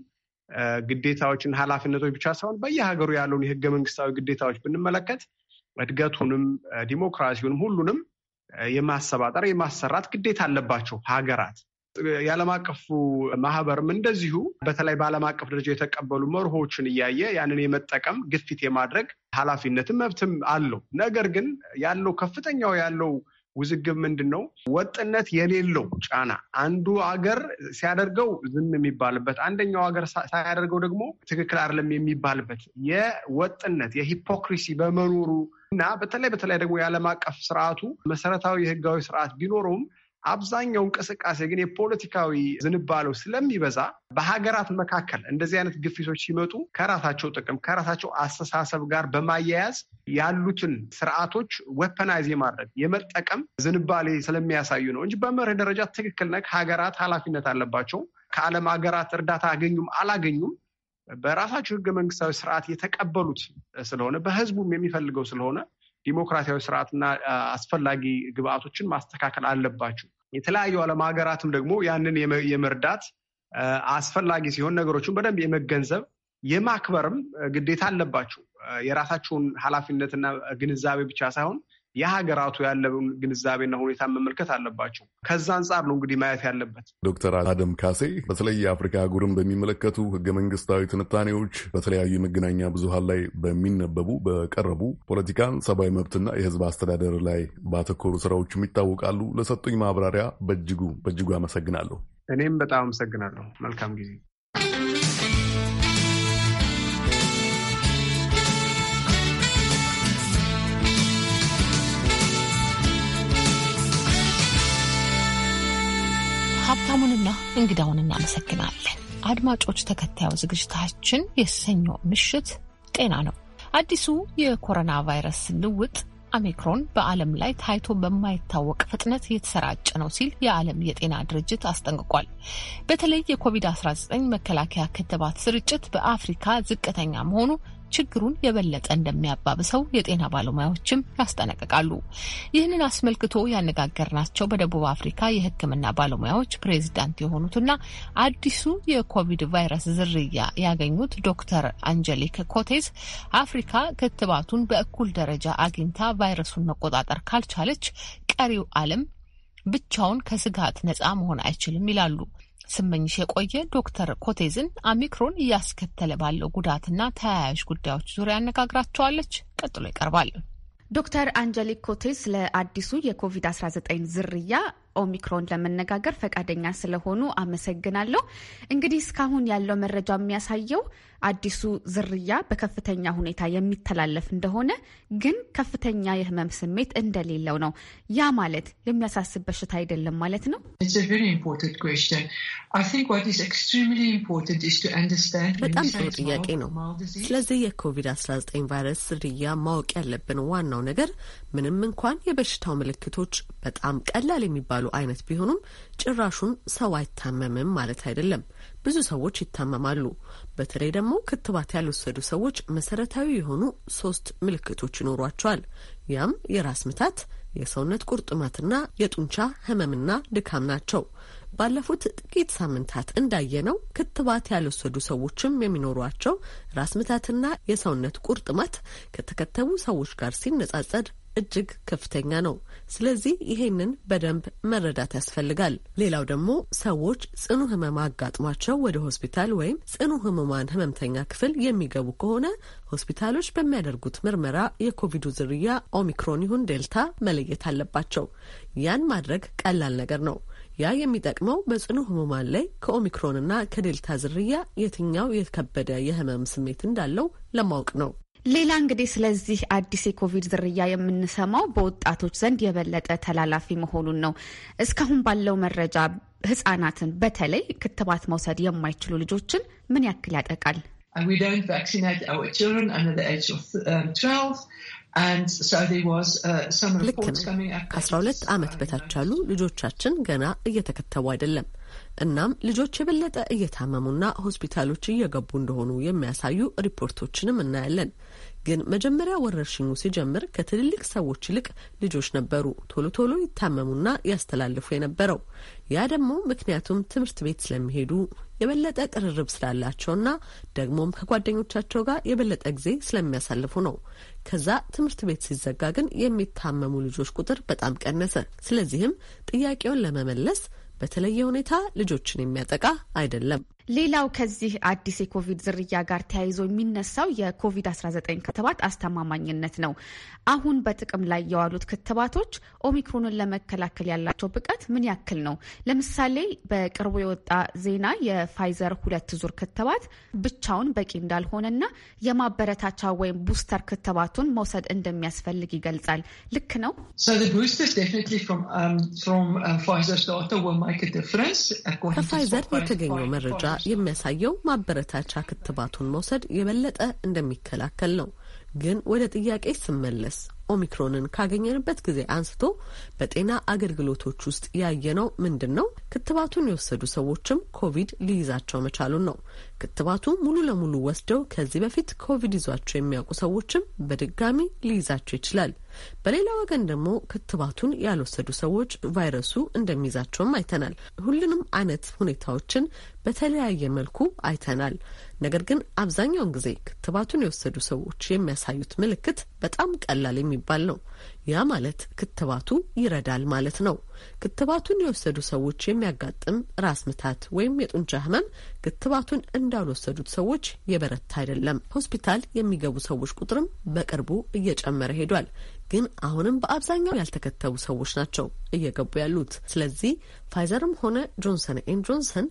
ግዴታዎችን ኃላፊነቶች ብቻ ሳይሆን በየሀገሩ ያለውን የህገ መንግስታዊ ግዴታዎች ብንመለከት እድገቱንም ዲሞክራሲውንም ሁሉንም የማሰባጠር የማሰራት ግዴታ አለባቸው ሀገራት። የዓለም አቀፉ ማህበርም እንደዚሁ በተለይ በዓለም አቀፍ ደረጃ የተቀበሉ መርሆችን እያየ ያንን የመጠቀም ግፊት የማድረግ ኃላፊነትም መብትም አለው። ነገር ግን ያለው ከፍተኛው ያለው ውዝግብ ምንድን ነው? ወጥነት የሌለው ጫና አንዱ አገር ሲያደርገው ዝም የሚባልበት፣ አንደኛው ሀገር ሳያደርገው ደግሞ ትክክል አይደለም የሚባልበት የወጥነት የሂፖክሪሲ በመኖሩ እና በተለይ በተለይ ደግሞ የዓለም አቀፍ ስርዓቱ መሰረታዊ የህጋዊ ስርዓት ቢኖረውም አብዛኛው እንቅስቃሴ ግን የፖለቲካዊ ዝንባሌው ስለሚበዛ በሀገራት መካከል እንደዚህ አይነት ግፊቶች ሲመጡ ከራሳቸው ጥቅም ከራሳቸው አስተሳሰብ ጋር በማያያዝ ያሉትን ስርዓቶች ወፐናይዝ የማድረግ የመጠቀም ዝንባሌ ስለሚያሳዩ ነው እንጂ በመርህ ደረጃ ትክክል ነህ። ሀገራት ኃላፊነት አለባቸው። ከዓለም ሀገራት እርዳታ አገኙም አላገኙም በራሳቸው ህገ መንግስታዊ ስርዓት የተቀበሉት ስለሆነ በህዝቡም የሚፈልገው ስለሆነ ዲሞክራሲያዊ ስርዓትና አስፈላጊ ግብአቶችን ማስተካከል አለባቸው። የተለያዩ ዓለም ሀገራትም ደግሞ ያንን የመርዳት አስፈላጊ ሲሆን ነገሮችን በደንብ የመገንዘብ የማክበርም ግዴታ አለባቸው። የራሳቸውን ኃላፊነትና ግንዛቤ ብቻ ሳይሆን የሀገራቱ ያለውን ግንዛቤና ሁኔታ መመልከት አለባቸው። ከዛ አንጻር ነው እንግዲህ ማየት ያለበት። ዶክተር አደም ካሴ በተለይ የአፍሪካ አህጉርን በሚመለከቱ ህገ መንግስታዊ ትንታኔዎች በተለያዩ መገናኛ ብዙሃን ላይ በሚነበቡ በቀረቡ ፖለቲካን፣ ሰብአዊ መብትና የህዝብ አስተዳደር ላይ ባተኮሩ ስራዎችም ይታወቃሉ። ለሰጡኝ ማብራሪያ በእጅጉ በእጅጉ አመሰግናለሁ። እኔም በጣም አመሰግናለሁ። መልካም ጊዜ ሀብታሙንና እንግዳውን እናመሰግናለን። አድማጮች፣ ተከታዩ ዝግጅታችን የሰኞ ምሽት ጤና ነው። አዲሱ የኮሮና ቫይረስ ልውጥ ኦሚክሮን በዓለም ላይ ታይቶ በማይታወቅ ፍጥነት እየተሰራጨ ነው ሲል የዓለም የጤና ድርጅት አስጠንቅቋል። በተለይ የኮቪድ-19 መከላከያ ክትባት ስርጭት በአፍሪካ ዝቅተኛ መሆኑ ችግሩን የበለጠ እንደሚያባብሰው የጤና ባለሙያዎችም ያስጠነቅቃሉ። ይህንን አስመልክቶ ያነጋገርናቸው በደቡብ አፍሪካ የሕክምና ባለሙያዎች ፕሬዚዳንት የሆኑትና አዲሱ የኮቪድ ቫይረስ ዝርያ ያገኙት ዶክተር አንጀሊክ ኮቴዝ አፍሪካ ክትባቱን በእኩል ደረጃ አግኝታ ቫይረሱን መቆጣጠር ካልቻለች ቀሪው ዓለም ብቻውን ከስጋት ነጻ መሆን አይችልም ይላሉ። ስመኝሽ የቆየ ዶክተር ኮቴዝን ኦሚክሮን እያስከተለ ባለው ጉዳትና ተያያዥ ጉዳዮች ዙሪያ አነጋግራቸዋለች። ቀጥሎ ይቀርባል። ዶክተር አንጀሊክ ኮቴዝ ለአዲሱ የኮቪድ-19 ዝርያ ኦሚክሮን ለመነጋገር ፈቃደኛ ስለሆኑ አመሰግናለሁ። እንግዲህ እስካሁን ያለው መረጃ የሚያሳየው አዲሱ ዝርያ በከፍተኛ ሁኔታ የሚተላለፍ እንደሆነ ግን ከፍተኛ የህመም ስሜት እንደሌለው ነው። ያ ማለት የሚያሳስብ በሽታ አይደለም ማለት ነው። በጣም ጥሩ ጥያቄ ነው። ስለዚህ የኮቪድ-19 ቫይረስ ዝርያ ማወቅ ያለብን ዋናው ነገር ምንም እንኳን የበሽታው ምልክቶች በጣም ቀላል የሚባሉ የሚባሉ አይነት ቢሆኑም ጭራሹን ሰው አይታመምም ማለት አይደለም። ብዙ ሰዎች ይታመማሉ። በተለይ ደግሞ ክትባት ያልወሰዱ ሰዎች መሰረታዊ የሆኑ ሶስት ምልክቶች ይኖሯቸዋል። ያም የራስ ምታት፣ የሰውነት ቁርጥማትና የጡንቻ ህመምና ድካም ናቸው። ባለፉት ጥቂት ሳምንታት እንዳየነው ክትባት ያልወሰዱ ሰዎችም የሚኖሯቸው ራስ ምታትና የሰውነት ቁርጥማት ከተከተቡ ሰዎች ጋር ሲነጻጸር እጅግ ከፍተኛ ነው። ስለዚህ ይሄንን በደንብ መረዳት ያስፈልጋል። ሌላው ደግሞ ሰዎች ጽኑ ህመም አጋጥሟቸው ወደ ሆስፒታል ወይም ጽኑ ህሙማን ህመምተኛ ክፍል የሚገቡ ከሆነ ሆስፒታሎች በሚያደርጉት ምርመራ የኮቪዱ ዝርያ ኦሚክሮን ይሁን ዴልታ መለየት አለባቸው። ያን ማድረግ ቀላል ነገር ነው። ያ የሚጠቅመው በጽኑ ህሙማን ላይ ከኦሚክሮንና ከዴልታ ዝርያ የትኛው የከበደ የህመም ስሜት እንዳለው ለማወቅ ነው። ሌላ እንግዲህ ስለዚህ አዲስ የኮቪድ ዝርያ የምንሰማው በወጣቶች ዘንድ የበለጠ ተላላፊ መሆኑን ነው። እስካሁን ባለው መረጃ ህጻናትን በተለይ ክትባት መውሰድ የማይችሉ ልጆችን ምን ያክል ያጠቃል? Um, uh, ልክ ነው። ከ12 ዓመት uh, በታች ያሉ ልጆቻችን ገና እየተከተቡ አይደለም። እናም ልጆች የበለጠ እየታመሙና ሆስፒታሎች እየገቡ እንደሆኑ የሚያሳዩ ሪፖርቶችንም እናያለን። ግን መጀመሪያ ወረርሽኙ ሲጀምር ከትልልቅ ሰዎች ይልቅ ልጆች ነበሩ ቶሎ ቶሎ ይታመሙና ያስተላልፉ የነበረው። ያ ደግሞ ምክንያቱም ትምህርት ቤት ስለሚሄዱ የበለጠ ቅርርብ ስላላቸውና ደግሞም ከጓደኞቻቸው ጋር የበለጠ ጊዜ ስለሚያሳልፉ ነው። ከዛ ትምህርት ቤት ሲዘጋ ግን የሚታመሙ ልጆች ቁጥር በጣም ቀነሰ። ስለዚህም ጥያቄውን ለመመለስ በተለየ ሁኔታ ልጆችን የሚያጠቃ አይደለም። ሌላው ከዚህ አዲስ የኮቪድ ዝርያ ጋር ተያይዞ የሚነሳው የኮቪድ-19 ክትባት አስተማማኝነት ነው። አሁን በጥቅም ላይ የዋሉት ክትባቶች ኦሚክሮንን ለመከላከል ያላቸው ብቃት ምን ያክል ነው? ለምሳሌ በቅርቡ የወጣ ዜና የፋይዘር ሁለት ዙር ክትባት ብቻውን በቂ እንዳልሆነና የማበረታቻ ወይም ቡስተር ክትባቱን መውሰድ እንደሚያስፈልግ ይገልጻል። ልክ ነው? Um, um, ከፋይዘር የተገኘው መረጃ የሚያሳየው ማበረታቻ ክትባቱን መውሰድ የበለጠ እንደሚከላከል ነው። ግን ወደ ጥያቄ ስመለስ ኦሚክሮንን ካገኘንበት ጊዜ አንስቶ በጤና አገልግሎቶች ውስጥ ያየነው ምንድን ነው? ክትባቱን የወሰዱ ሰዎችም ኮቪድ ሊይዛቸው መቻሉን ነው። ክትባቱ ሙሉ ለሙሉ ወስደው ከዚህ በፊት ኮቪድ ይዟቸው የሚያውቁ ሰዎችም በድጋሚ ሊይዛቸው ይችላል። በሌላ ወገን ደግሞ ክትባቱን ያልወሰዱ ሰዎች ቫይረሱ እንደሚይዛቸውም አይተናል። ሁሉንም አይነት ሁኔታዎችን በተለያየ መልኩ አይተናል። ነገር ግን አብዛኛውን ጊዜ ክትባቱን የወሰዱ ሰዎች የሚያሳዩት ምልክት በጣም ቀላል የሚባል ነው። ያ ማለት ክትባቱ ይረዳል ማለት ነው። ክትባቱን የወሰዱ ሰዎች የሚያጋጥም ራስ ምታት ወይም የጡንቻ ህመም ክትባቱን እንዳልወሰዱት ሰዎች የበረታ አይደለም። ሆስፒታል የሚገቡ ሰዎች ቁጥርም በቅርቡ እየጨመረ ሄዷል። ግን አሁንም በአብዛኛው ያልተከተቡ ሰዎች ናቸው እየገቡ ያሉት። ስለዚህ ፋይዘርም ሆነ ጆንሰን ኤን ጆንሰን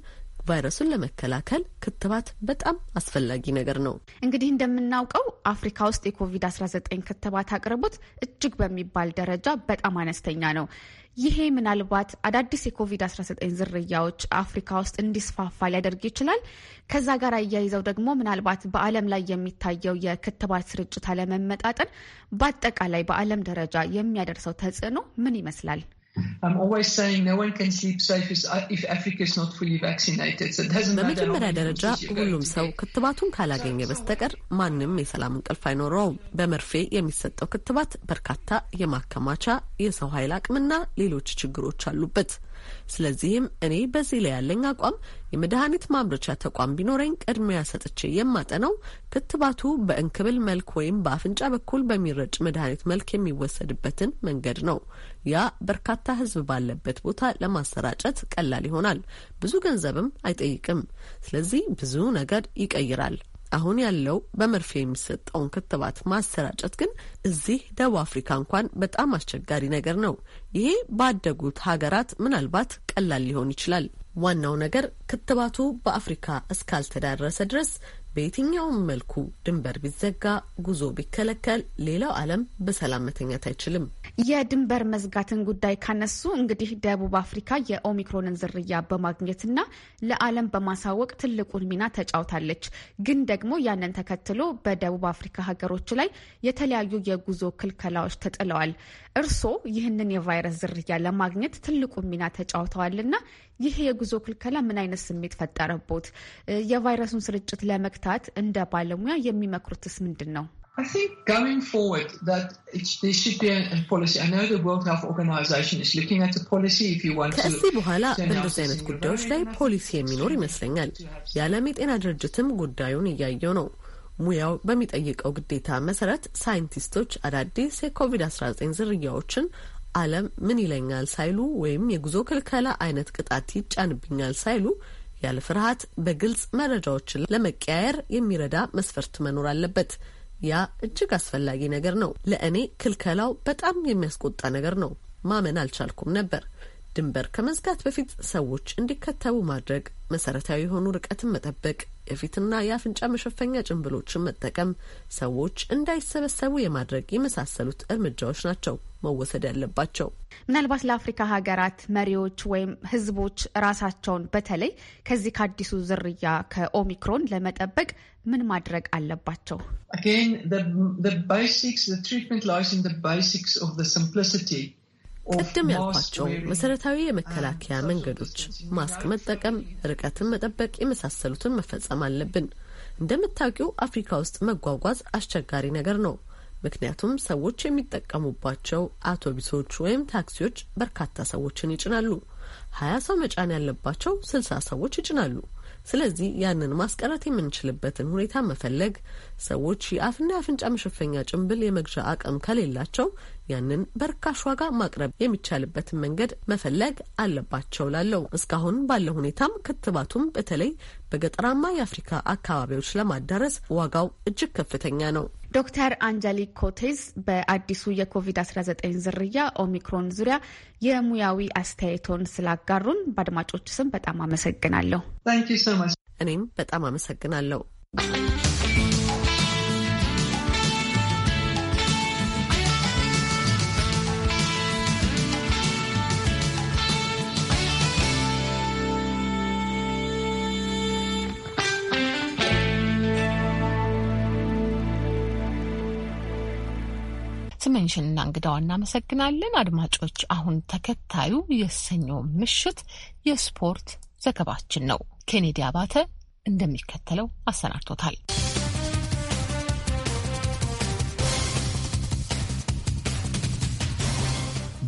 ቫይረሱን ለመከላከል ክትባት በጣም አስፈላጊ ነገር ነው። እንግዲህ እንደምናውቀው አፍሪካ ውስጥ የኮቪድ-19 ክትባት አቅርቦት እጅግ በሚባል ደረጃ በጣም አነስተኛ ነው። ይሄ ምናልባት አዳዲስ የኮቪድ-19 ዝርያዎች አፍሪካ ውስጥ እንዲስፋፋ ሊያደርግ ይችላል። ከዛ ጋር አያይዘው ደግሞ ምናልባት በዓለም ላይ የሚታየው የክትባት ስርጭት አለመመጣጠን በአጠቃላይ በዓለም ደረጃ የሚያደርሰው ተጽዕኖ ምን ይመስላል? I'm always saying no one can sleep safe if uh, Africa is not fully vaccinated. So it doesn't በመጀመሪያ ደረጃ ሁሉም ሰው ክትባቱን ካላገኘ በስተቀር ማንም የሰላም እንቅልፍ አይኖረውም። በመርፌ የሚሰጠው ክትባት በርካታ የማከማቻ የሰው ኃይል አቅምና ሌሎች ችግሮች አሉበት። ስለዚህም እኔ በዚህ ላይ ያለኝ አቋም የመድኃኒት ማምረቻ ተቋም ቢኖረኝ ቅድሚያ ሰጥቼ የማጠነው ክትባቱ በእንክብል መልክ ወይም በአፍንጫ በኩል በሚረጭ መድኃኒት መልክ የሚወሰድበትን መንገድ ነው። ያ በርካታ ሕዝብ ባለበት ቦታ ለማሰራጨት ቀላል ይሆናል፣ ብዙ ገንዘብም አይጠይቅም። ስለዚህ ብዙ ነገር ይቀይራል። አሁን ያለው በመርፌ የሚሰጠውን ክትባት ማሰራጨት ግን እዚህ ደቡብ አፍሪካ እንኳን በጣም አስቸጋሪ ነገር ነው። ይሄ ባደጉት ሀገራት ምናልባት ቀላል ሊሆን ይችላል። ዋናው ነገር ክትባቱ በአፍሪካ እስካልተዳረሰ ድረስ በየትኛውም መልኩ ድንበር ቢዘጋ፣ ጉዞ ቢከለከል ሌላው ዓለም በሰላም መተኛት አይችልም። የድንበር መዝጋትን ጉዳይ ካነሱ እንግዲህ ደቡብ አፍሪካ የኦሚክሮንን ዝርያ በማግኘትና ለዓለም በማሳወቅ ትልቁን ሚና ተጫውታለች። ግን ደግሞ ያንን ተከትሎ በደቡብ አፍሪካ ሀገሮች ላይ የተለያዩ የጉዞ ክልከላዎች ተጥለዋል። እርስዎ ይህንን የቫይረስ ዝርያ ለማግኘት ትልቁን ሚና ተጫውተዋልና ይህ የጉዞ ክልከላ ምን አይነት ስሜት ፈጠረቦት? የቫይረሱን ስርጭት ለመግታት እንደ ባለሙያ የሚመክሩትስ ምንድን ነው? ከዚህ በኋላ በእንደዚህ አይነት ጉዳዮች ላይ ፖሊሲ የሚኖር ይመስለኛል። የዓለም የጤና ድርጅትም ጉዳዩን እያየው ነው። ሙያው በሚጠይቀው ግዴታ መሰረት ሳይንቲስቶች አዳዲስ የኮቪድ-19 ዝርያዎችን ዓለም ምን ይለኛል ሳይሉ ወይም የጉዞ ክልከላ አይነት ቅጣት ይጫንብኛል ሳይሉ ያለ ፍርሃት በግልጽ መረጃዎችን ለመቀያየር የሚረዳ መስፈርት መኖር አለበት። ያ እጅግ አስፈላጊ ነገር ነው። ለእኔ ክልከላው በጣም የሚያስቆጣ ነገር ነው። ማመን አልቻልኩም ነበር። ድንበር ከመዝጋት በፊት ሰዎች እንዲከተቡ ማድረግ፣ መሰረታዊ የሆኑ ርቀትን መጠበቅ፣ የፊትና የአፍንጫ መሸፈኛ ጭንብሎችን መጠቀም፣ ሰዎች እንዳይሰበሰቡ የማድረግ የመሳሰሉት እርምጃዎች ናቸው መወሰድ ያለባቸው። ምናልባት ለአፍሪካ ሀገራት መሪዎች ወይም ሕዝቦች ራሳቸውን በተለይ ከዚህ ከአዲሱ ዝርያ ከኦሚክሮን ለመጠበቅ ምን ማድረግ አለባቸው? Again, the, the basics, the treatment lies in the basics of the simplicity. ቅድም ያልኳቸው መሰረታዊ የመከላከያ መንገዶች ማስክ መጠቀም፣ ርቀትን መጠበቅ የመሳሰሉትን መፈጸም አለብን። እንደምታውቂው አፍሪካ ውስጥ መጓጓዝ አስቸጋሪ ነገር ነው። ምክንያቱም ሰዎች የሚጠቀሙባቸው አውቶቡሶች ወይም ታክሲዎች በርካታ ሰዎችን ይጭናሉ። ሀያ ሰው መጫን ያለባቸው ስልሳ ሰዎች ይጭናሉ። ስለዚህ ያንን ማስቀረት የምንችልበትን ሁኔታ መፈለግ፣ ሰዎች የአፍና የአፍንጫ መሸፈኛ ጭንብል የመግዣ አቅም ከሌላቸው ያንን በርካሽ ዋጋ ማቅረብ የሚቻልበትን መንገድ መፈለግ አለባቸው ላለው እስካሁን ባለው ሁኔታም ክትባቱም በተለይ በገጠራማ የአፍሪካ አካባቢዎች ለማዳረስ ዋጋው እጅግ ከፍተኛ ነው። ዶክተር አንጀሊክ ኮቴዝ በአዲሱ የኮቪድ-19 ዝርያ ኦሚክሮን ዙሪያ የሙያዊ አስተያየቶን ስላጋሩን በአድማጮች ስም በጣም አመሰግናለሁ። እኔም በጣም አመሰግናለሁ። ዳኝሽንና እንግዳዋን እናመሰግናለን። አድማጮች፣ አሁን ተከታዩ የሰኞ ምሽት የስፖርት ዘገባችን ነው። ኬኔዲ አባተ እንደሚከተለው አሰናድቶታል።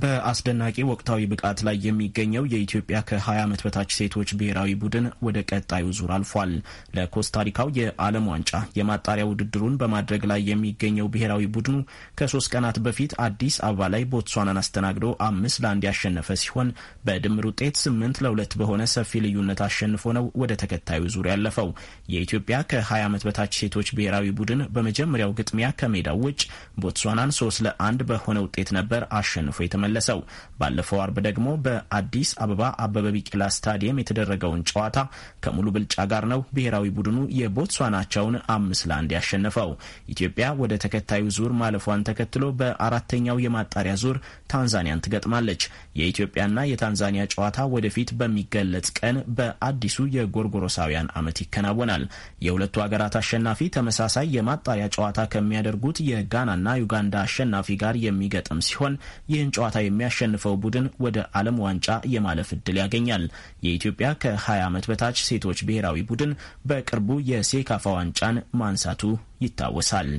በአስደናቂ ወቅታዊ ብቃት ላይ የሚገኘው የኢትዮጵያ ከ20 ዓመት በታች ሴቶች ብሔራዊ ቡድን ወደ ቀጣዩ ዙር አልፏል። ለኮስታሪካው የዓለም ዋንጫ የማጣሪያ ውድድሩን በማድረግ ላይ የሚገኘው ብሔራዊ ቡድኑ ከሶስት ቀናት በፊት አዲስ አበባ ላይ ቦትሷናን አስተናግዶ አምስት ለአንድ ያሸነፈ ሲሆን በድምር ውጤት ስምንት ለሁለት በሆነ ሰፊ ልዩነት አሸንፎ ነው ወደ ተከታዩ ዙር ያለፈው። የኢትዮጵያ ከ20 ዓመት በታች ሴቶች ብሔራዊ ቡድን በመጀመሪያው ግጥሚያ ከሜዳው ውጭ ቦትሷናን ሶስት ለአንድ በሆነ ውጤት ነበር አሸንፎ የተመ የተመለሰው። ባለፈው አርብ ደግሞ በአዲስ አበባ አበበ ቢቂላ ስታዲየም የተደረገውን ጨዋታ ከሙሉ ብልጫ ጋር ነው ብሔራዊ ቡድኑ የቦትስዋናቸውን አምስት ለአንድ ያሸነፈው። ኢትዮጵያ ወደ ተከታዩ ዙር ማለፏን ተከትሎ በአራተኛው የማጣሪያ ዙር ታንዛኒያን ትገጥማለች። የኢትዮጵያና የታንዛኒያ ጨዋታ ወደፊት በሚገለጽ ቀን በአዲሱ የጎርጎሮሳውያን ዓመት ይከናወናል። የሁለቱ ሀገራት አሸናፊ ተመሳሳይ የማጣሪያ ጨዋታ ከሚያደርጉት የጋናና ዩጋንዳ አሸናፊ ጋር የሚገጥም ሲሆን ይህን ጨዋታ ጨዋታ የሚያሸንፈው ቡድን ወደ ዓለም ዋንጫ የማለፍ እድል ያገኛል። የኢትዮጵያ ከ20 ዓመት በታች ሴቶች ብሔራዊ ቡድን በቅርቡ የሴካፋ ዋንጫን ማንሳቱ ይታወሳል።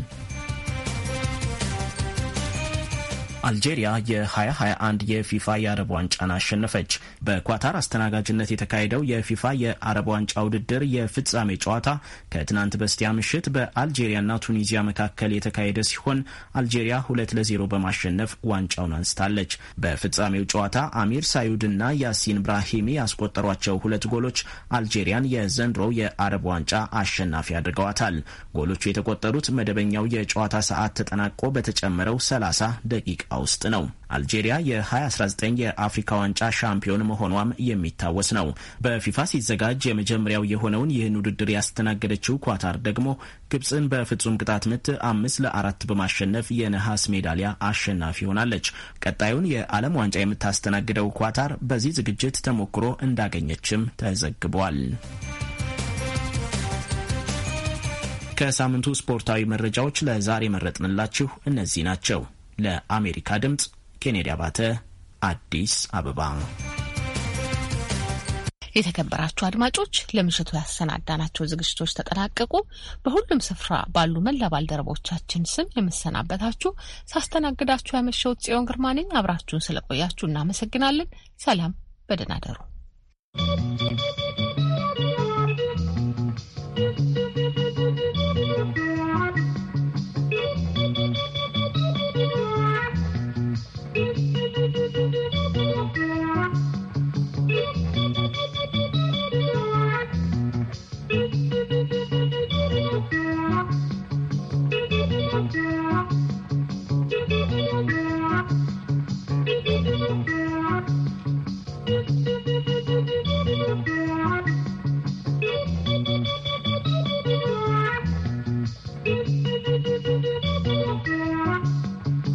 አልጄሪያ የ2021 የፊፋ የአረብ ዋንጫን አሸነፈች። በኳታር አስተናጋጅነት የተካሄደው የፊፋ የአረብ ዋንጫ ውድድር የፍጻሜ ጨዋታ ከትናንት በስቲያ ምሽት በአልጄሪያና ቱኒዚያ መካከል የተካሄደ ሲሆን አልጄሪያ ሁለት ለዜሮ በማሸነፍ ዋንጫውን አንስታለች። በፍጻሜው ጨዋታ አሚር ሳዩድና ያሲን ብራሂሚ ያስቆጠሯቸው ሁለት ጎሎች አልጄሪያን የዘንድሮው የአረብ ዋንጫ አሸናፊ አድርገዋታል። ጎሎቹ የተቆጠሩት መደበኛው የጨዋታ ሰዓት ተጠናቆ በተጨመረው 30 ደቂቃ ውስጥ ነው። አልጄሪያ የ2019 የአፍሪካ ዋንጫ ሻምፒዮን መሆኗም የሚታወስ ነው። በፊፋ ሲዘጋጅ የመጀመሪያው የሆነውን ይህን ውድድር ያስተናገደችው ኳታር ደግሞ ግብፅን በፍጹም ቅጣት ምት አምስት ለአራት በማሸነፍ የነሐስ ሜዳሊያ አሸናፊ ሆናለች። ቀጣዩን የዓለም ዋንጫ የምታስተናግደው ኳታር በዚህ ዝግጅት ተሞክሮ እንዳገኘችም ተዘግቧል። ከሳምንቱ ስፖርታዊ መረጃዎች ለዛሬ መረጥንላችሁ እነዚህ ናቸው። ለአሜሪካ ድምፅ ኬኔዲ አባተ አዲስ አበባ። የተከበራችሁ አድማጮች ለምሽቱ ያሰናዳናቸው ዝግጅቶች ተጠናቀቁ። በሁሉም ስፍራ ባሉ መላ ባልደረቦቻችን ስም የምሰናበታችሁ ሳስተናግዳችሁ ያመሸሁት ጽዮን ግርማ ነኝ። አብራችሁን ስለቆያችሁ እናመሰግናለን። ሰላም፣ በደህና ደሩ።